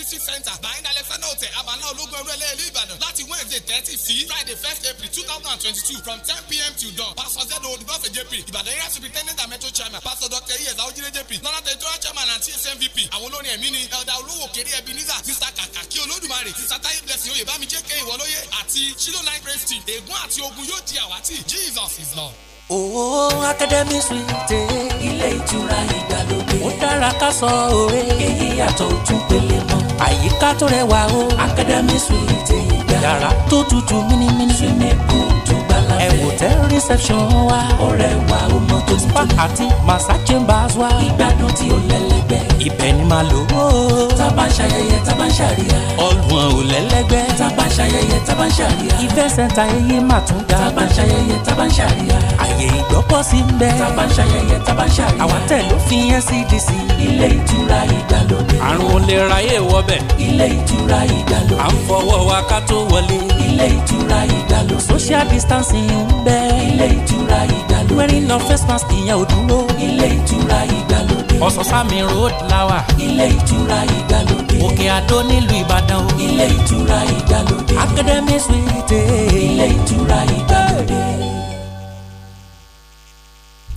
center bàyìn alexander hotel abala ológun ẹrú ẹlẹ́ẹ̀lú ìbàdàn láti wednesday thirty sí Friday 1st April 2022 from 10 p.m. till dawn. Pastor Zedo Odubafe JP, Ìbàdàn Area Superintendent and Metro Chairman, Pastor Dr. Iyeza Ojire JP, Lọ́nà Territorial Chairman and TSMVP, àwọn olórin ẹ̀mí ni Elda Olówó Kéré Ebenezer, Mr. Kàkàkí Olódùmarè, Sister Táyé Blessing Oyèbámi JK Ìwọlóyè àti Shilo Nine Praise Team. Ègún àti ogun yóò di àwátì. Jesus is Lord. Owó oh, Academy Suite. Ilé ìtura ìgbàlódé. Ó dára ká sọ òwe. Èyí yàtọ̀ ojú pele mọ́ àyíká tó rẹwà o. Academy Suite èyí gbà. yàrá tó tutù mímímí. swimming pool ẹ hotel reception wa. ọ̀rẹ́ wa ó mọ tó ti tó. spa àti massage chambers wa. ìgbádùn tí ó lẹ́lẹ́gbẹ́. ibẹ̀ ni màá lò ó. tábà ń ṣayẹyẹ tábà ń ṣàríyá. ọlùwọ̀n ò lẹ́lẹ́gbẹ́. tábà ń ṣayẹyẹ tábà ń ṣàríyá. event center eyé mà tún ga. tábà ń ṣayẹyẹ tábà ń ṣàríyá. àyè ìgbọ́kọ̀ sí ń bẹ. tábà ń ṣayẹyẹ tábà ń ṣàríyá. àwọn tẹ̀ ló fi NCDC. ilé ìtura ìdàlódé. àrùn olè ráyè wọbẹ̀. ilé ìtura ilé ìtura ìdàlódé. social distancing ń bẹ. ilé ìtura ìdàlódé. wearing of face mask ìyẹn ò dúró. ilé ìtura ìdàlódé. ọ̀sán-sámi road lawa. ilé ìtura ìdàlódé. òkè àdó nílùú ìbàdàn o. ilé ìtura ìdàlódé. academy suite. ilé ìtura ìdàlódé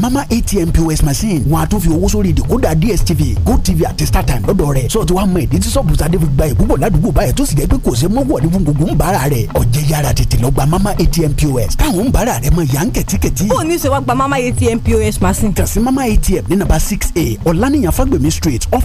mama atm pos machine wọn a tún fi owó sórí ìdìkúdà dstv gotv àti startime lọ́dọ̀ rẹ̀ sọ ti wá mọ ìdí tí sọ́ọ̀bù sadé fi gba ìbúbọ̀ ládùúgbò báyẹn tó sì jẹ́ pé kò sí mọ́wọ́ ní gbogbo ń bára rẹ̀ ọ̀jẹ̀ yára tètè lọ gba mama atm pos táwọn ń bára rẹ̀ mọ yàn kẹ̀tíkẹ̀tí. ó ní sọ wá gba mama atm pos machine. kàn sí mama atm ní nàbà six a ọ̀lànìyàn fagbemi street off